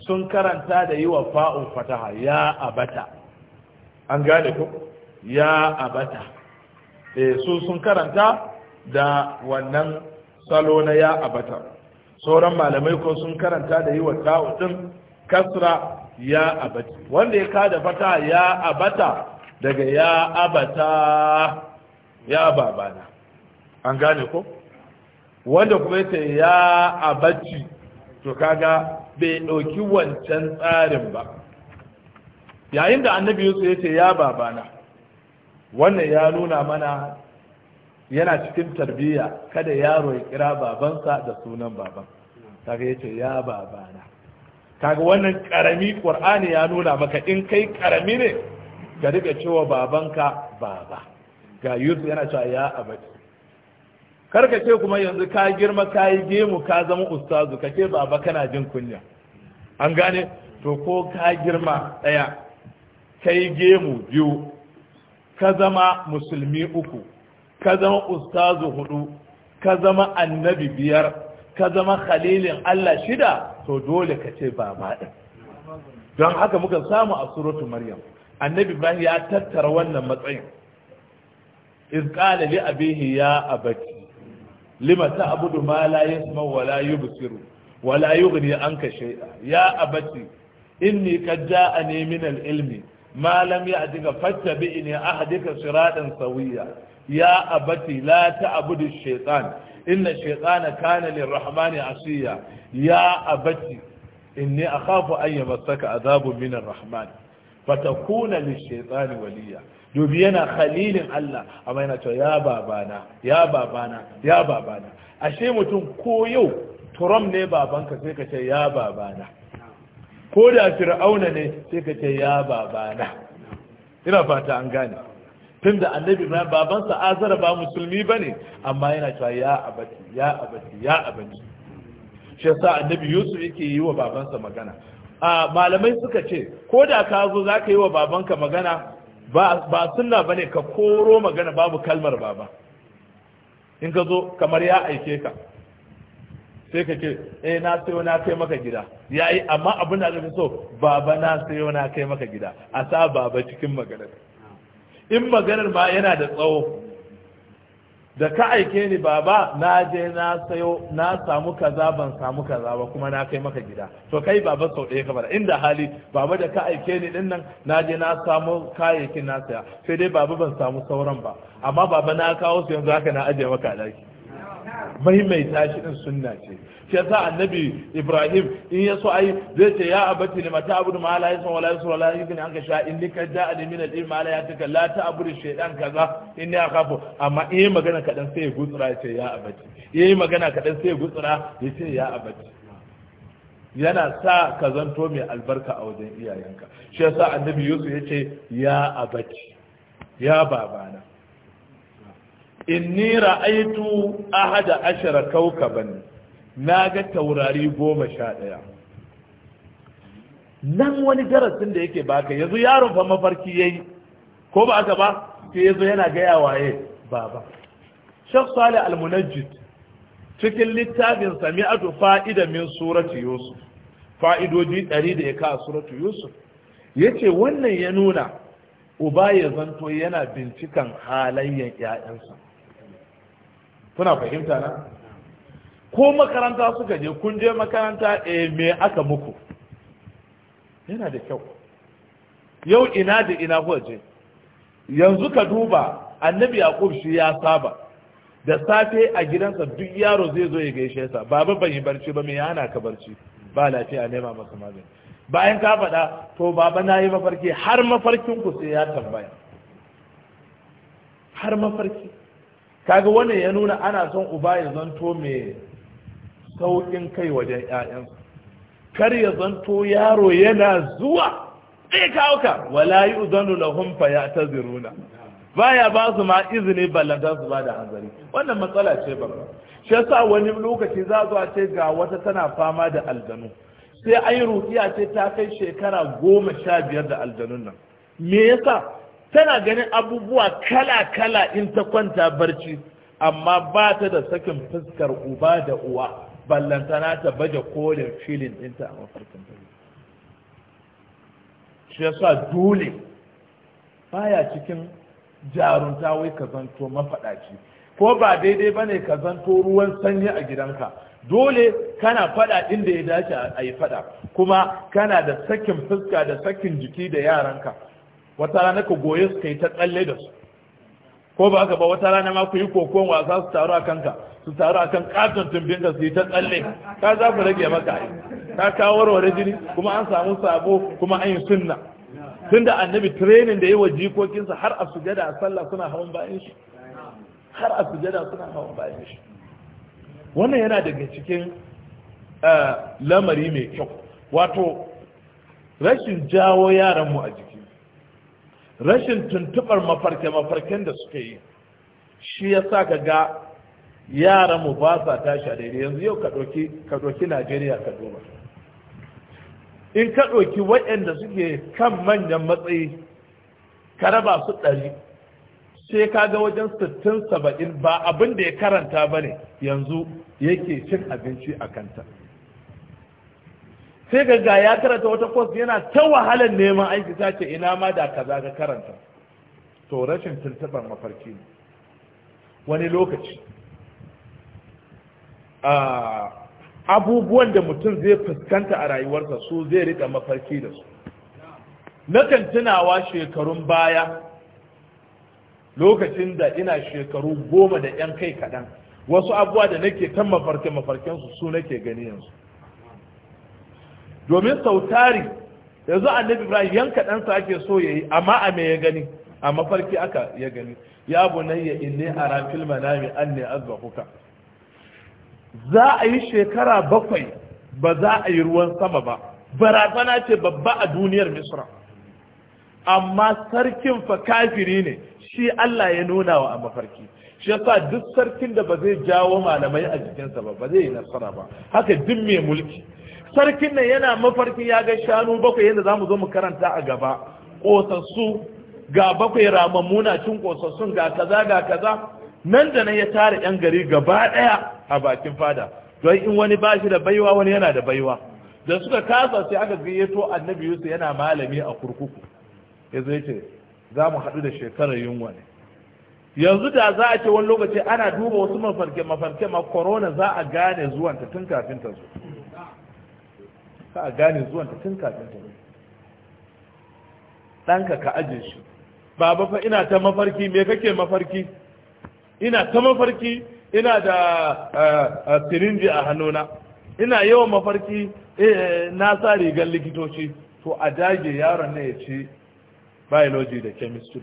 sun karanta da yi wa fa’o fataha ya abata an gane ku ya abata e, su sun karanta da wannan salo na ya abata sauran malamai ko sun karanta da yi wa ta'u kasra ya abata wanda ya kada fataha ya abata daga ya abata ya babana an gane ku wanda kuma ya ya abaci to kaga bai ɗauki wancan tsarin ba yayin da annabi yusu ya ce ya babana wannan ya nuna mana yana cikin tarbiyya kada yaro ya kira babansa da sunan baban kaga ya ce ya babana kaga wannan karami qur'ani ya nuna maka in kai karami ne ka rika cewa babanka baba ga yusuf yana cewa ya abadi karka ce kuma yanzu ka girma ka yi gemu ka zama ustazu ka ce baba kana jin kunya an gane to ko ka girma ɗaya ka yi gemu biyu ka zama musulmi uku ka zama ustazu hudu ka zama annabi biyar ka zama khalilin Allah shida to dole ka ce baba din don haka muka samu a suratu maryam annabi ibrahim ya tattara wannan matsayin iz qala li abihi ya abati lima ta'budu ma la yasma wa la yubsiru wa la yughni anka shay'a ya abati inni qad ja'ani min al-ilmi ma lam ya'tika fattabi'ni ahdika siratan sawiya ya abati la ta'budu ash-shaytan inna ash-shaytana kana lir-rahmani asiya ya abati inni akhafu an yamassaka adhabun min ar-rahman fatakuna lishaitani waliya dubi yana khalilin Allah amma yana cewa ya babana ya babana ya babana ashe mutum ko yau turam ne babanka sai ka ce ya babana ko da fir'auna ne sai ka ce ya babana ina fata an gane tunda annabi ma babansa azara ba musulmi bane amma yana cewa ya abati ya abati ya abati shi yasa annabi Yusuf yake yi wa babansa magana malamai suka ce ko da ka zo za ka yi wa babanka magana ba suna ba ne ka koro magana babu kalmar baba in ka zo kamar ya aike ka sai ka ce eh na sayo na kai maka gida ya yi amma abin da zai so baba na sayo na kai maka gida a sa baba cikin maganar in maganar ma yana da tsawo da ka aike ni baba na je na sayo na samu kaza ban samu kaza ba kuma na kai maka gida to kai baba sau ɗaya ka kamar inda hali baba da ka aike ni din nan na je na samu kayayyakin na saya sai dai baba ban samu sauran ba amma baba na kawo su yanzu haka na ajiye maka a maimaita shi din sunna ce shi yasa annabi ibrahim in ya so ai zai ce ya abati lima ta'budu ma la yasma wala la yusra la an anka sha inni kad ja'a min al-ilmi ma la yataka la ta'budu shaytan kaza ya akhafu amma in magana kadan sai ya gutsura ya ce ya abati yi magana kadan sai ya gutsura ya ce ya abati yana sa ka zanto mai albarka a wajen iyayenka shi yasa annabi yusuf ya ce ya abati ya babana inni ra'aitu ahada ashara kaukaban naga taurari goma sha ɗaya nan wani darasin da yake baka yanzu yaron fa mafarki yayi ko ba aka ba sai yazo yana gaya waye baba Sheikh Salih Al-Munajjid cikin littafin Sami'atu fa'ida min surati Yusuf fa'idoji 100 da ya ka suratu Yusuf yace wannan ya nuna uba ya zanto yana bincikan halayen ƴaƴansa kuna fahimta na ko makaranta suka je kun je makaranta e me aka muku yana da kyau yau ina da ina kuwa je yanzu ka duba annabi yaqub shi ya saba da safe a gidansa duk yaro zai zo ya gaishe sa baba ban yi barci ba me yana ka barci ba lafiya nema masa magani bayan ka faɗa to baba na yi mafarki har mafarkin ku sai ya tambaya har mafarki kaga wannan ya nuna ana son uba ya zanto mai sauƙin kai wajen 'ya'yansa kar ya zanto yaro yana zuwa ɗaya kawo ka wala yi uzanu lahum fa ya ta ziruna baya ba su ma izini ballanta su ba da hanzari wannan matsala ce ba. shi yasa wani lokaci za zuwa ce ga wata tana fama da aljanu sai an yi ce ta kai shekara goma sha biyar da aljanun nan me yasa tana ganin abubuwa kala-kala in ta kwanta barci amma ba ta da sakin fuskar uba da uwa ballantana ta baje kolin filin ɗinta a mafarkin dare. shi ya sa dole baya cikin jarunta wai ka zanto mafaɗaci ko ba daidai ba ne ka zanto ruwan sanyi a gidanka dole kana faɗa inda ya dace a yi faɗa kuma kana da sakin fuska da sakin jiki da yaranka wata rana ka goye su kai ta tsalle da su ko ba haka ba wata rana ma ku yi kokon wasa su taru a kanka su taru a kan katon tumbin ka su yi ta tsalle ka za ku rage maka ka kawo warware jini kuma an samu sabo kuma an yi sunna tunda annabi training da yi wa jikokinsa har a sujada a sallah suna hawan bayan shi har a sujada suna hawan bayan shi wannan yana daga cikin eh, lamari mai kyau wato rashin jawo yaran mu a jiki rashin tuntubar mafarke mafarken da suka yi shi ya sa ka ga yaran mu ba sa tashi a daidai yanzu yau ka ɗauki najeriya ka duba in ka ɗauki waɗanda suke kan manyan matsayi ka raba su ɗari sai ka ga wajen sittin saba'in ba abin da ya karanta ba ne yanzu yake cin abinci a kanta sai ga ga ya karanta wata kwas yana ta wahalar neman aiki ta ce ina ma da kaza ga karanta to rashin tuntuɓar mafarki ne wani lokaci abubuwan da mutum zai fuskanta a rayuwarsa su zai rika mafarki da su nakan tunawa shekarun baya lokacin da ina shekaru goma da 'yan kai kaɗan wasu abubuwa da nake kan mafarki mafarkinsu su nake gani yanzu domin sautari yanzu annabi ibrahim yanka ɗansa ake so ya yi amma a me ya gani a mafarki aka ya gani ya ya inne a rafil manami anni kuka. za a yi shekara bakwai ba za a yi ruwan sama ba barazana ce babba a duniyar misra amma sarkin fa kafiri ne shi Allah ya nuna wa a mafarki shi yasa duk sarkin da ba zai jawo malamai a jikinsa ba ba zai yi nasara ba haka duk mai mulki sarkin nan yana mafarki ya ga shanu bakwai yadda za mu zo mu karanta a gaba ƙosassu ga bakwai ramammuna cin ƙosassun ga kaza ga kaza nan da nan ya tara yan gari gaba ɗaya a bakin fada don in wani ba shi da baiwa wani yana da baiwa da suka kasa sai aka gayyato annabi yusuf yana malami a kurkuku ya zai ce za mu haɗu da shekarar yunwa ne yanzu da za a ce wani lokaci ana duba wasu mafarke mafarke ma corona za a gane zuwanta tun kafin ta zo ka a gane zuwan ta tun kafin ta ɗanka ka ajin shi baba fa ina ta mafarki me kake mafarki ina ta mafarki ina da eh, eh, sirinji a hannuna ina yawan mafarki eh, na sa rigar likitoci to a dage yaron na ya ce biology da chemistry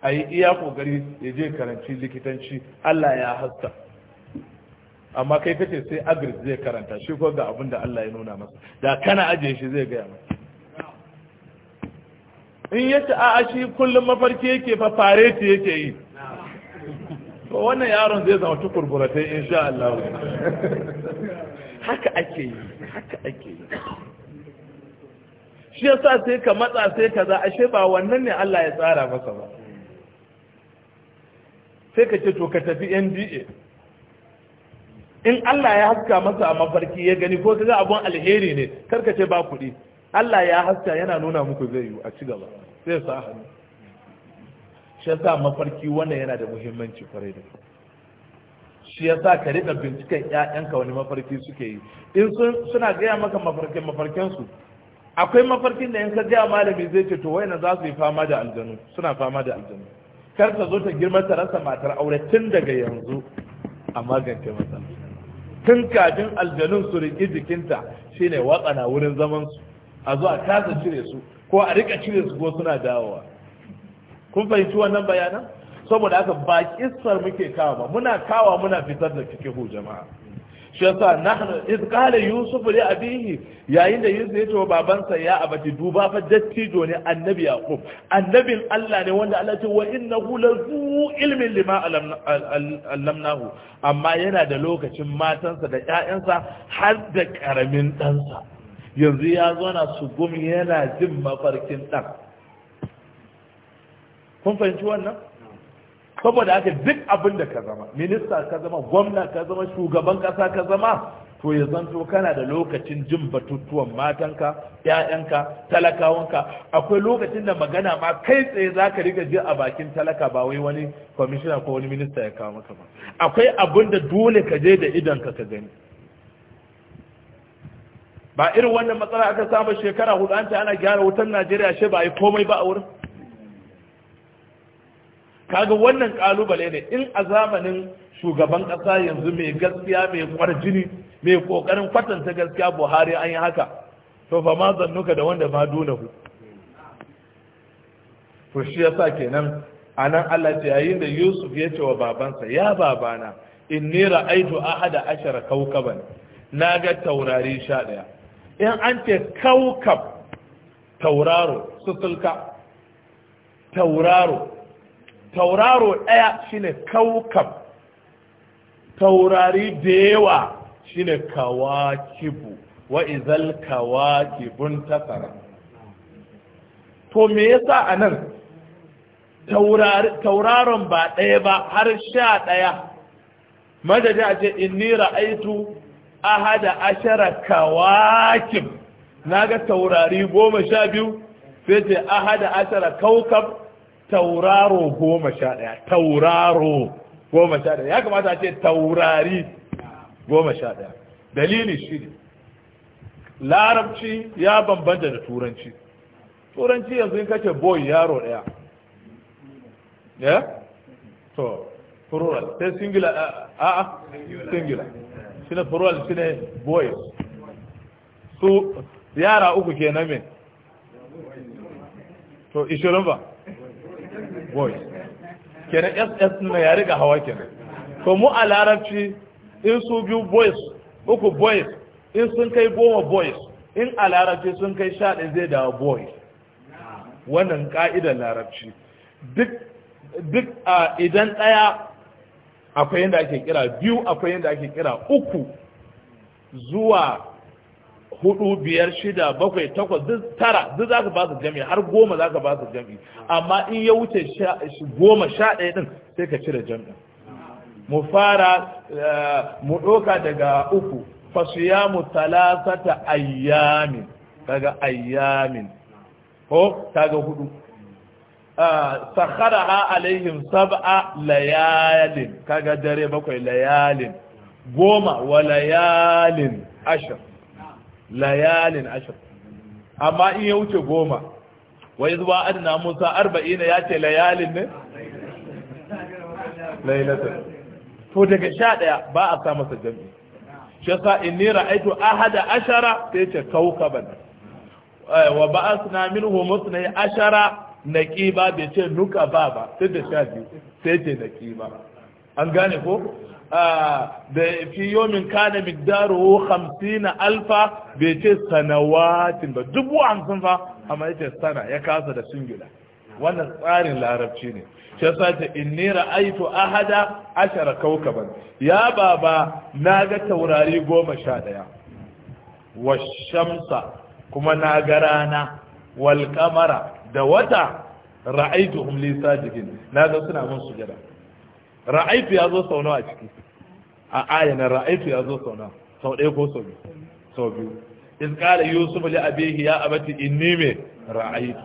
a yi iya kokari ya je karanci likitanci allah ya haska amma kai kace sai agri zai karanta shi ko ga abin da Allah ya nuna masa da kana ajiye shi zai gaya masa in ya a'a shi kullum mafarki yake fa ta yake yi to wannan yaron zai zama in insha Allah haka ake yi haka ake yi shi yasa sai ka matsa sai ka za a ba wannan ne Allah ya tsara masa ba sai ka ce to ka tafi NDA in Allah ya haska masa a mafarki ya gani ko kaga abun alheri ne karka ce ba kuɗi Allah ya haska yana nuna muku zai yi a cigaba, sai sa hannu shi yasa mafarki wannan yana da muhimmanci kwarai da shi yasa ka riƙa binciken ƴaƴanka wani mafarki suke yi in suna gaya maka mafarkin mafarkin su akwai mafarkin da in ka gaya malami zai ce to waina za su yi fama da aljanu suna fama da aljanu kar ta zo ta girma ta rasa matar aure tun daga yanzu a magance matsala tun kafin aljanun su riƙi jikinta shine watsana wurin zaman su a zuwa a kasa cire su ko a rika cire su ko suna dawowa kun fahimci wannan bayanan saboda haka ba kissar muke kawo ba muna kawa muna fitar da cikin jama'a shi yasa nahnu iz qala yusuf li abihi yayin da yusuf ya ce wa babansa ya abati duba fa dattijo ne annabi yaqub annabin Allah ne wanda Allah ce wa innahu lazu ilmin lima lamnahu, amma yana da lokacin matansa da ƴaƴansa har da karamin ɗansa yanzu ya zauna su gum yana jin mafarkin ɗan kun fahimci wannan saboda haka duk abin da ka zama minista ka zama gwamna ka zama shugaban kasa ka zama to ya zanto kana da lokacin jin batutuwan matanka ‘ya'yanka talakawanka akwai lokacin da magana ma kai tsaye za ka riga ji a bakin talaka ba wai wani kwamishina ko wani minista ya kawo maka ba akwai abin da dole ka je da idonka ka gani ba irin wannan matsala aka samu shekara hudu an ta ana gyara wutan najeriya shi ba a yi komai ba a wurin kaga wannan kalubale ne in a zamanin shugaban kasa yanzu mai gaskiya mai kwarjini mai kokarin kwatanta gaskiya buhari an yi haka to fa ma zannuka da wanda ma ku. to shi yasa kenan anan Allah ce yayin da Yusuf ya ce wa babansa ya babana inni ra'aytu ahada ashara kaukaban naga taurari sha in an ce kaukab tauraro susulka tauraro tauraro ɗaya shine kaukab taurari da yawa shine kawakibu wa izal kawakibun tasara to me yasa anan tauraron ba ɗaya ba har sha ɗaya madadi a ce inni ra'aitu ahada ashara kawakib ga taurari goma sha biyu sai ce ahada ashara kaukab tauraro goma sha ɗaya tauraro goma sha ɗaya ya kamata ce taurari goma sha ɗaya dalili shi ne larabci ya bambanta da turanci turanci yanzu in kace boy yaro ɗaya ya to plural sai singular a a singular shi ne plural shi ne boy su yara uku ke namin to ishirin ba voice kenan ss na ya riga hawa kenan to mu a larabci in su biyu boys uku boys in sun kai goma boys in a larabci sun kai sha ɗaya zai dawo boys wannan ka'idar larabci duk a idan ɗaya akwai yadda ake kira biyu akwai yadda ake kira uku zuwa hudu biyar shida bakwai takwas duk tara duk za ka ba su jami har goma za ka ba su jami amma in ya wuce goma sha ɗaya ɗin sai ka cire jami mu fara eh, mu ɗoka daga uku mu talasata ayyamin daga ayyamin ko kaga hudu eh, ha alaihim sab'a layalin kaga dare bakwai layalin goma wa layalin ashir layalin ashir amma in ya wuce goma wai zuwa adina musa arba'ina ya ce layalin ne lailatar to daga sha ɗaya ba a sa masa jam'i shi yasa inni ra'aitu ahada ashara sai ce kaukaban eh, wa ba'athna minhu yi ashara naqiba bai ce nuka ba ba sai da sha biyu sai ce naqiba an gane ko da fi yomin kana migdaru hamsina alfa bai ce sanawatin ba dubu hamsin fa amma yace sana ya kasa da singula wannan tsarin larabci ne shi yasa ta inni ra'aitu ahada ashara kaukaban ya baba naga taurari goma sha daya wa shamsa kuma naga rana wal kamara da wata ra'aituhum li sajidin naga suna mun sujada ra'aitu ya zo sau nawa ciki a ayana ra'aitu ya zo sau nawa sau ɗaya ko sau biyu sau biyu in qala yusuf li abihi ya abati ni me ra'aitu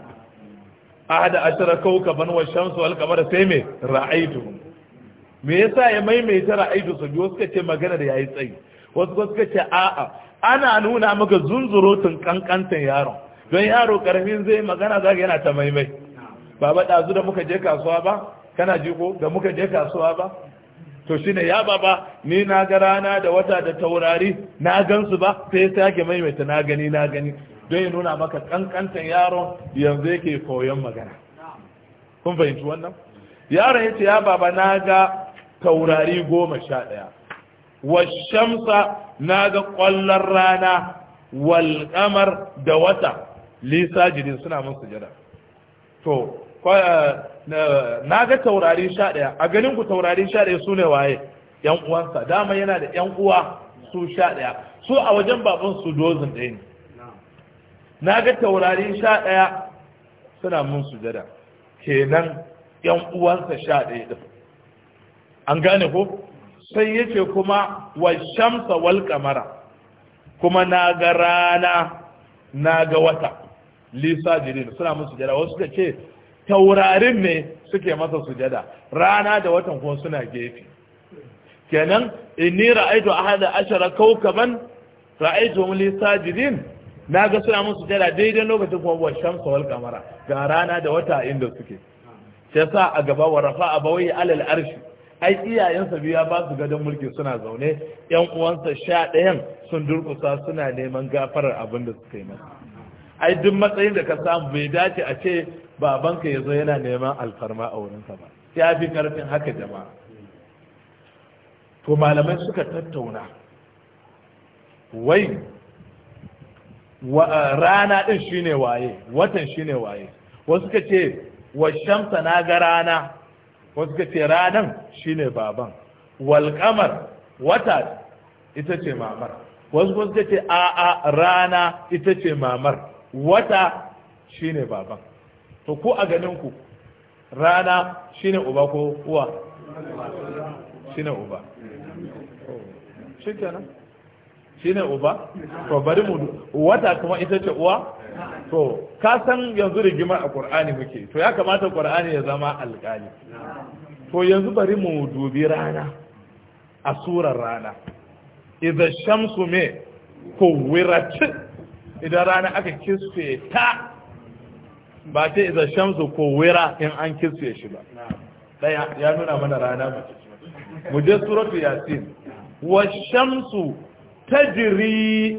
ahada ashara kawkaban wa shamsu wal qamara sai me ra'aitu me yasa ya maimaita ra'aitu sau biyu suka ce magana da yayi tsayi wasu suka ce a'a ana nuna maka zunzurutun kankantan yaron don yaro karfin zai magana zaga yana ta maimai baba ɗazu da muka je kasuwa ba kana ji ko da muka je kasuwa ba to shine ya baba ni na ga rana da wata da taurari na gansu ba sai sake maimaita na gani na gani don ya nuna maka kankantan yaron yanzu yake koyon magana kun fahimci wannan yaron yace ya baba na ga taurari goma sha ɗaya washamsa na ga ƙwallon rana walƙamar da wata lisa jirin suna mun sujada to Eh, na ga taurari sha ɗaya a ganin ku taurari sha ɗaya su ne waye yan uwansa dama yana da yan uwa su sha ɗaya su a wajen baban su dozin ɗaya ne na ga taurari sha ɗaya suna mun su ke kenan yan uwansa sha ɗaya ɗin an gane ko sai yace kuma wa shamsa wal kamara kuma na ga rana na ga wata lisa jirin suna mun su jada wasu da ce taurarin ne suke masa sujada rana da watan kuma suna gefe kenan inni ra'aitu ahada ashara kawkaban ra'aitu li sajidin naga suna masa sujada daidai lokacin kuma wa shamsu wal qamara ga rana da wata inda suke sai sa a gaba wa rafa bawai alal arshi ai iyayensa biya ba su gadon mulki suna zaune yan uwansa sha ɗayan sun durkusa suna neman gafarar abin da suka yi masa ai duk matsayin da ka samu bai dace a ce babanka ya zo yana neman alfarma a wurinka ba ya fi karfin haka jama'a to malamai suka tattauna wai rana ɗin shine waye watan shine waye wasu ka ce wa shamsa na ga rana wasu ka ce ranan shine baban walƙamar wata ita ce mamar wasu wasu ka ce a rana ita ce mamar wata shine baban to ko a ganin ku rana shine uba ko uwa shine uba shine uba to bari mu wata kuma ita ce uwa to ka san yanzu rigima a qur'ani muke to ya kamata qur'ani ya zama alƙali to yanzu bari mu dubi rana a surar rana idan shamsu me kowirat idan rana aka kisfe ta ba ta iza shamsu ko wira in an kirce shi ba daya ya nuna mana rana ba. mu je suratu yasin wa shamsu tajri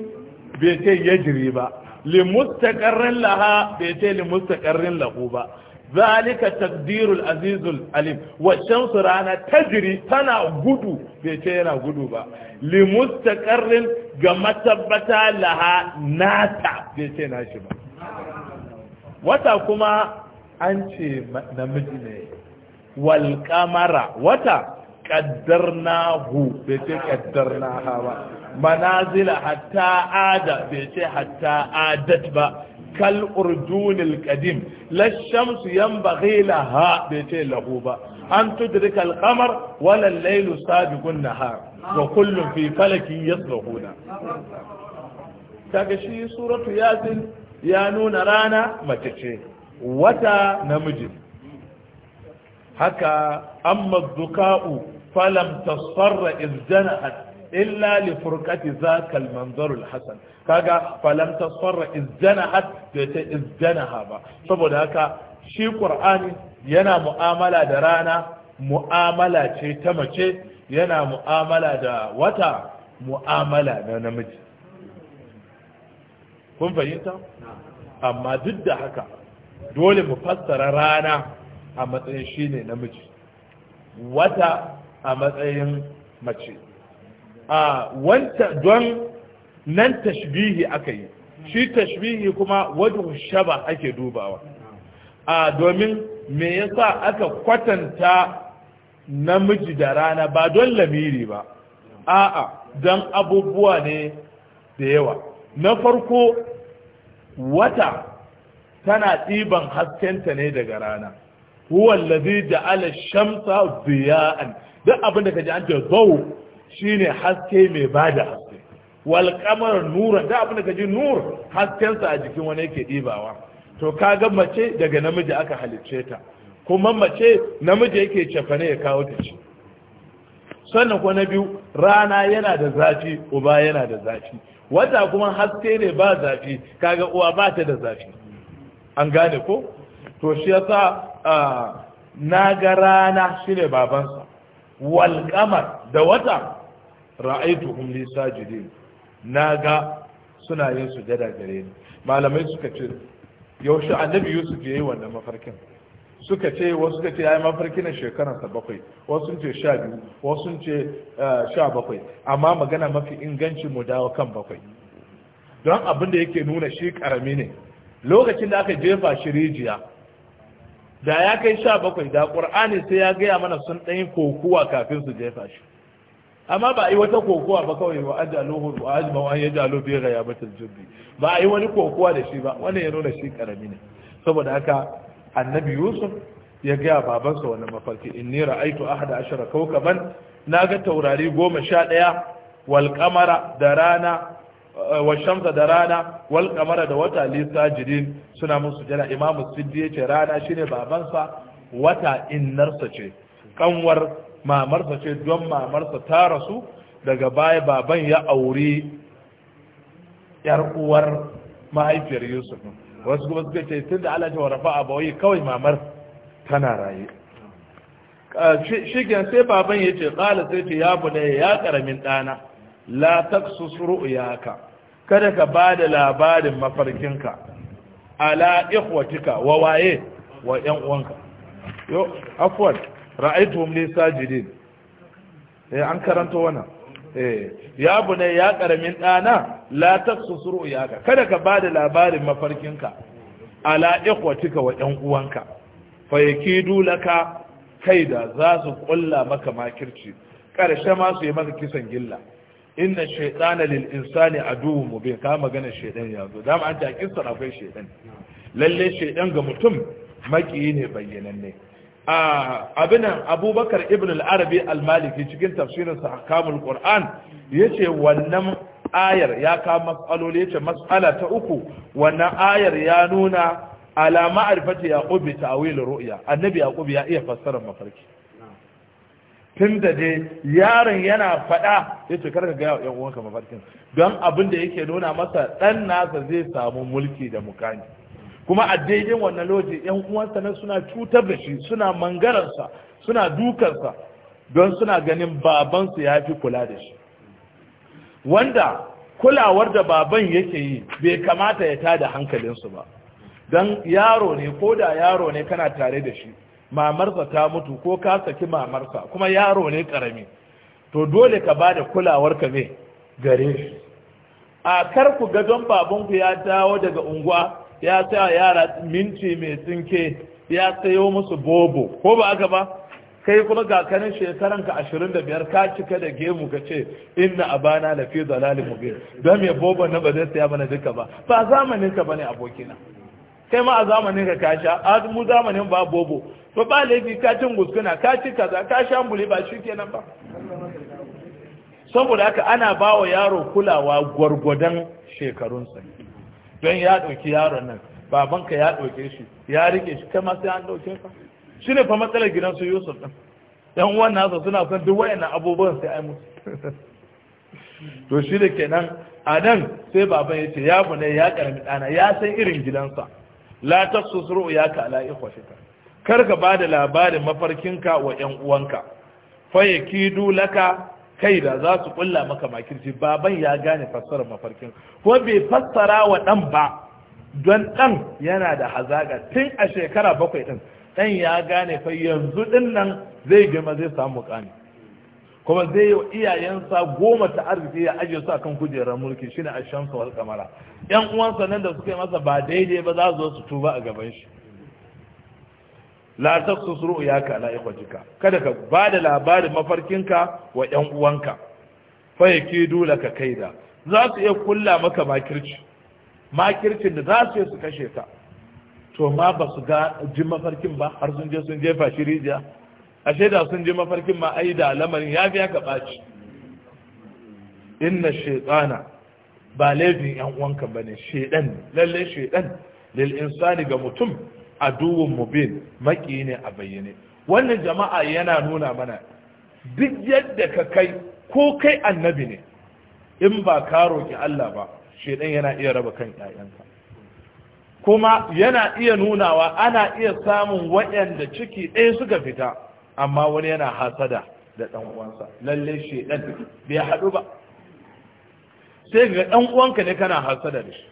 bai ce yajri ba li mustaqarrin laha bai ce li mustaqarrin lahu ba zalika takdirul azizul alim wa shamsu rana tajri tana gudu bai ce yana gudu ba li mustaqarrin ga matabbata laha nata bai ce nashi ba wata kuma an ce namiji ne wal kamara wata qaddarnahu bai ce na ba manazila hatta ada bai ce hatta adat ba kal urdunil qadim la shamsu yanbaghi ha bai ce lahu ba an tudrika al qamar wala lailu laylu sabiqun nahar wa kullum fi falakin yasbahuna kaga shi suratu yasin ya nuna rana mace ce wata namiji haka amma duka'u falam tasfarra izjana'at illa li furqati zaka manzarul hasan kaga falam tasfarra izjana'at da ta izjanaha ba saboda haka shi qur'ani yana mu'amala da rana mu'amala ce ta mace yana mu'amala da wata mu'amala na namiji kun fahimta amma duk da haka dole mu fassara rana a matsayin shine namiji wata a matsayin mace a wanta don nan tashbihi aka yi shi tashbihi kuma wajen shaba ake dubawa a domin me yasa aka kwatanta namiji da rana ba don lamiri ba a'a don abubuwa ne da yawa na farko wata tana ɗiban haskenta ne daga rana huwa allazi ja'ala shamsa diya'an duk abin da kaji an ce bau shine haske mai bada haske wal qamar nura duk abin da kaji nur haskensa a jikin wani yake ɗibawa to kaga mace daga namiji aka halicce ta kuma mace namiji yake cefane ya kawo ta ci sannan kuma na biyu rana yana da zafi uba yana da zafi wata kuma haske ne ba zafi kaga uwa ba ta da zafi an gane ko to shi yasa na ga rana shine babansa wal da wata ra'aituhum li sajidin na ga suna yin sujada gare ni malamai suka ce yaushe annabi yusuf yi wannan mafarkin suka ce wasu suka ce ya yi mafarki na bakwai wasu ce sha biyu wasu ce ah, sha bakwai amma magana mafi inganci mu dawo kan bakwai don abin da yake nuna shi karami ne lokacin da aka jefa shi rijiya da ya kai sha bakwai da ƙur'ani sai ya gaya mana sun ɗanyi kokuwa kafin su jefa shi amma ba a yi wata kokowa ba kawai wa ajaluhu wa ajma biyar da ya ghayabatil jirgi ba a yi wani kokowa da shi ba wani ya nuna shi karami ne saboda haka annabi yusuf ya gaya babansa wani mafarki In a ra'aitu ashirar kaukaban Na ga taurari goma sha ɗaya Walƙamara da rana eh, wa da rana walƙamara da wata lisa jirin suna mun sujada imamu siddi ce rana shine babansa wata innarsa ce kanwar mamarsa ce don mamarsa ta rasu daga baya baban ya auri yar uwar mahaifiyar yusuf wasu kuma suka ce tun da Allah ta warafa a bawai kawai mamar tana raye ah, Shigen sai baban ya ce tsala sai ce ya bude ya ƙaramin ɗana la taksus ru'yaka kada ka ba da labarin mafarkinka ala ikhwatika wa waye wa ƴan uwanka yo afwan ra'aytuhum li sajidin eh an karanta wannan Eh, ya bunai ya karamin ɗana la ya ka kada ka bada labarin mafarkinka ala ikhwatika wa ɗan uwanka fa dulaka kai da za su kulla maka makirci ƙarshe ma su yi maka kisan gilla inna shaytana lil insani aduwwun mubin ka magana ya zo. dama an ta kissa akwai shaiɗan. lalle shaydan ga mutum makiyi ne bayyananne abinan abubakar ibn al-arabi al-maliki cikin tafsirinsa a kamun ƙor'an ya ce wannan ayar ya kama matsaloli ya ce matsala ta uku wannan ayar ya nuna alama ya ƙubi ta awil ru'ya annabi yaƙubi ya iya fassara mafarki tun da dai yaron yana faɗa ya ce karka gaya yan uwanka mafarkin don abin da yake nuna masa ɗan nasa zai samu mulki da mukami kuma a daidai wannan lokaci yan uwansa nan suna cutar da shi suna mangararsa suna dukarsa don suna ganin babansu ya fi kula da shi wanda kulawar da baban yake yi bai kamata ya tada hankalinsu ba don yaro ne ko da yaro ne kana tare da shi mamarsa ta mutu ko ka saki mamarsa kuma yaro ne karami to dole ka ba da kulawarka ne gare shi a kar ku gadon babanku ya dawo daga unguwa ya saya yara minti mai tsinke ya sayo musu bobo ko ba aka ba kai kuma ga kanin shekaran ka 25 ka cika da gemu ka ce inna abana la fi dalalin mubin don me bobo na ba zai saya mana duka ba ba zamanin ka bane abokina kai ma a zamanin ka kasha a mu zamanin ba bobo ba ba laifi ka cin guskuna ka ci kaza ka sha mbule ba shi kenan ba saboda haka ana ba wa yaro kulawa gwargwadon shekarunsa don ya ɗauki yaron nan babanka ya ɗauke shi ya rike shi kai ma sai an ɗauke ka shi ne fa matsalar gidan su yusuf ɗin yan uwan nasa suna son duk wayannan abubuwan sai ai mutu (laughs) to shi da kenan a nan sai baban ya ce ya bune ya karami ɗana ya san irin gidansa la tafsusru ya ka ala ikhwatika kar ka bada labarin mafarkinka wa yan uwanka fa yakidu laka kai da za su kulla maka makirci baban ya gane fassarar mafarkin ko bai fassara wa dan ba don dan yana da hazaga tun a shekara bakwai din dan ya gane fa yanzu din nan zai gama zai samu mukami kuma zai yi wa iyayensa goma ta arziki ya ajiye su akan kujerar mulki shine shamsu wal kamara yan uwansa nan da suka yi masa ba daidai ba za su zo su tuba a gaban shi la taqsus ru'yaka la ikhwatika kada ka bada labarin mafarkinka wa ƴan uwanka fa dole ka kaida za su iya kulla maka makirci makircin da za su yi su kashe ka to ma ba su ga jin mafarkin ba har sun je sun jefa shi rijiya ashe da sun je mafarkin ma ai da lamarin ya fi ka baci inna shaytana ba laifin yan uwanka bane shedan lalle shedan lil insani ga mutum aduwun mubin maki ne a bayyane wannan jama'a yana nuna mana duk yadda ka kai ko kai annabi ne in ba ka roki Allah ba shedan yana iya raba kan ƴaƴanka kuma yana iya nunawa ana iya samun waɗanda ciki ɗaya suka fita amma wani yana hasada da ɗan uwansa lalle shedan bai haɗu ba sai ga ɗan uwanka ne kana hasada da shi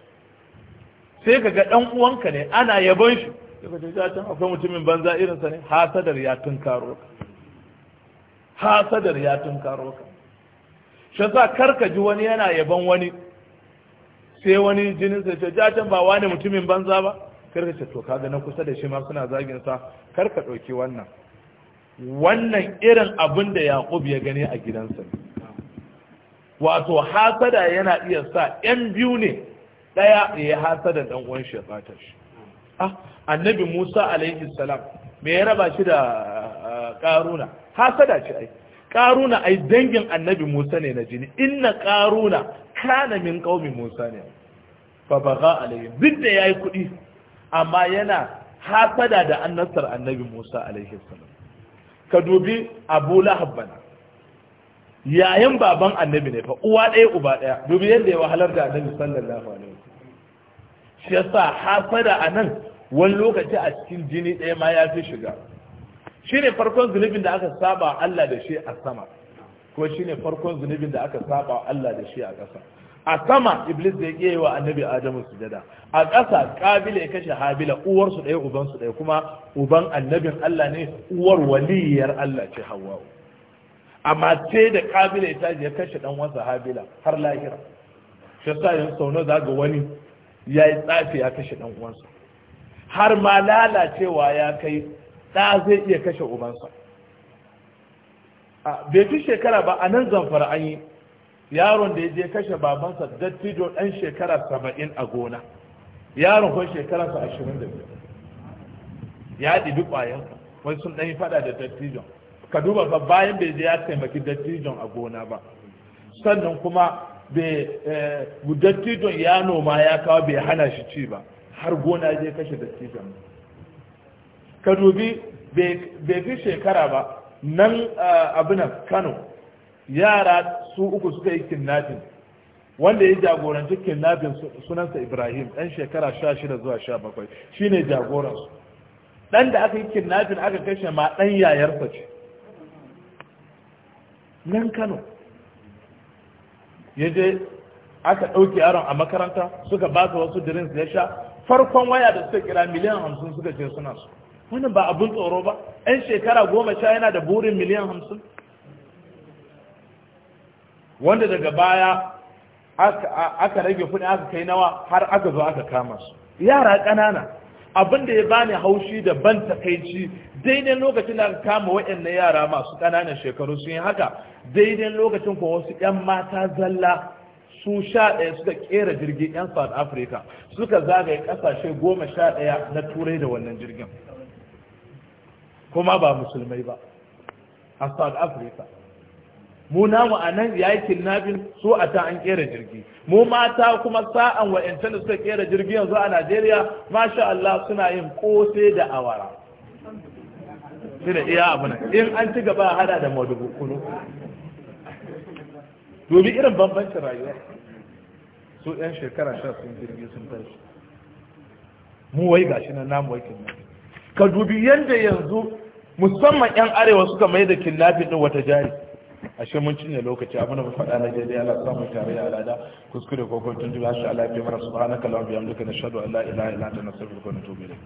sai ka ga ɗan uwanka ne ana yabon shi ce jirga can akwai mutumin banza irinsa ne hasadar ya tunkaro ka hasadar ya tunkaro ka shi sa karka ji wani yana yaban wani sai wani jinin sai ce ja can ba wani mutumin banza ba karka ce to kaga na kusa da shi ma suna zagin sa karka ɗauki wannan wannan irin abin da Yaqub ya gani a gidansa wato hasada yana iya sa 'yan biyu ne ɗaya ya yi hasada ɗan uwan shi ya ɓata shi ah annabi Musa alaihi salam me ya raba shi da ah, karuna hasada shi ai karuna ai dangin annabi Musa ne na jini inna karuna kana min qaumi Musa ne fa baga alaihi duk da yayi kudi amma yana hasada da annasar annabi Musa alaihi salam ka dubi Abu Lahab bana yayin baban annabi ne fa uwa ɗaya uba ɗaya dubi yadda ya wahalar da annabi sallallahu alaihi wasallam shi yasa hasada a nan wani lokaci a cikin jini ɗaya ma ya fi shiga shi ne farkon zunubin da aka saba Allah da shi a sama ko shi ne farkon zunubin da aka saba Allah da shi a ƙasa a sama iblis da ya wa annabi adamu sujada a ƙasa kabila ya kashe habila uwarsu ɗaya ubansu ɗaya kuma uban annabin Allah ne uwar waliyar Allah ce hawa'u amma sai da kabila ya ya kashe ɗan wasa habila har lahira shi sa yin sau wani ya yi tsafi ya kashe ɗan uwansa har ma lalacewa ya kai ɗa zai iya kashe ubansa bai fi shekara ba a nan zamfara an yi yaron da ya je kashe babansa dattijo ɗan shekara saba'in a gona yaron kwan shekararsa ashirin da biyar ya ɗibi ƙwayansa wani sun ɗan yi faɗa da dattijon ka duba ba bayan bai je ya taimaki dattijon a gona ba sannan kuma Eh, titon ya noma ya kawo bai hana shi ci ba har gona je kashe dattijon ka dubi bai fi shekara ba nan eh, abinan kano yara su uku suka yi kinnafin. wanda ya jagoranci kinnafin sunansa ibrahim ɗan shekara sha shida zuwa sha bakwai shi ne jagoransu ɗan da aka yi kinnafin aka kashe ma ɗan yayarsa ce nan kano ya je aka ɗauke yaron a makaranta suka ba su wasu drinks ya sha farkon waya da suka kira miliyan hamsin suka ce suna su wannan ba abin tsoro ba yan shekara goma sha yana da burin miliyan hamsin wanda daga baya aka rage kuɗi aka kai nawa har aka zo aka kama su yara ƙanana abin da ya bani haushi da ban takaici daidai lokacin da aka kama waɗannan yara masu ƙananan shekaru sun yi haka daidai lokacin kuma wasu 'yan mata zalla su sha ɗaya suka ƙera jirgin 'yan south africa suka zagaye ƙasashe goma sha ɗaya na turai da wannan jirgin kuma ba musulmai ba a south africa mu namu a nan ya yi kidnapping su a ta an kera jirgi mu mata kuma sa'an wa'yancan da suka kera jirgi yanzu a najeriya masha Allah suna yin kose da awara shi da iya abu in an ci gaba hada da madubu kunu dobi irin bambancin rayuwa su yan shekara sha sun jirgi sun tashi mu wai gashi na namu wai kidnapping ka dubi yadda yanzu musamman yan arewa suka mai da kidnapping din wata jari ashe mun cinye lokaci abin da faɗa na daidai Allah samun mu tare ya alada kuskure ko kun tuntuba shi Allah ya fi mana subhanaka allahumma bihamdika nashhadu an la ilaha illa anta nastaghfiruka wa natubu ilayk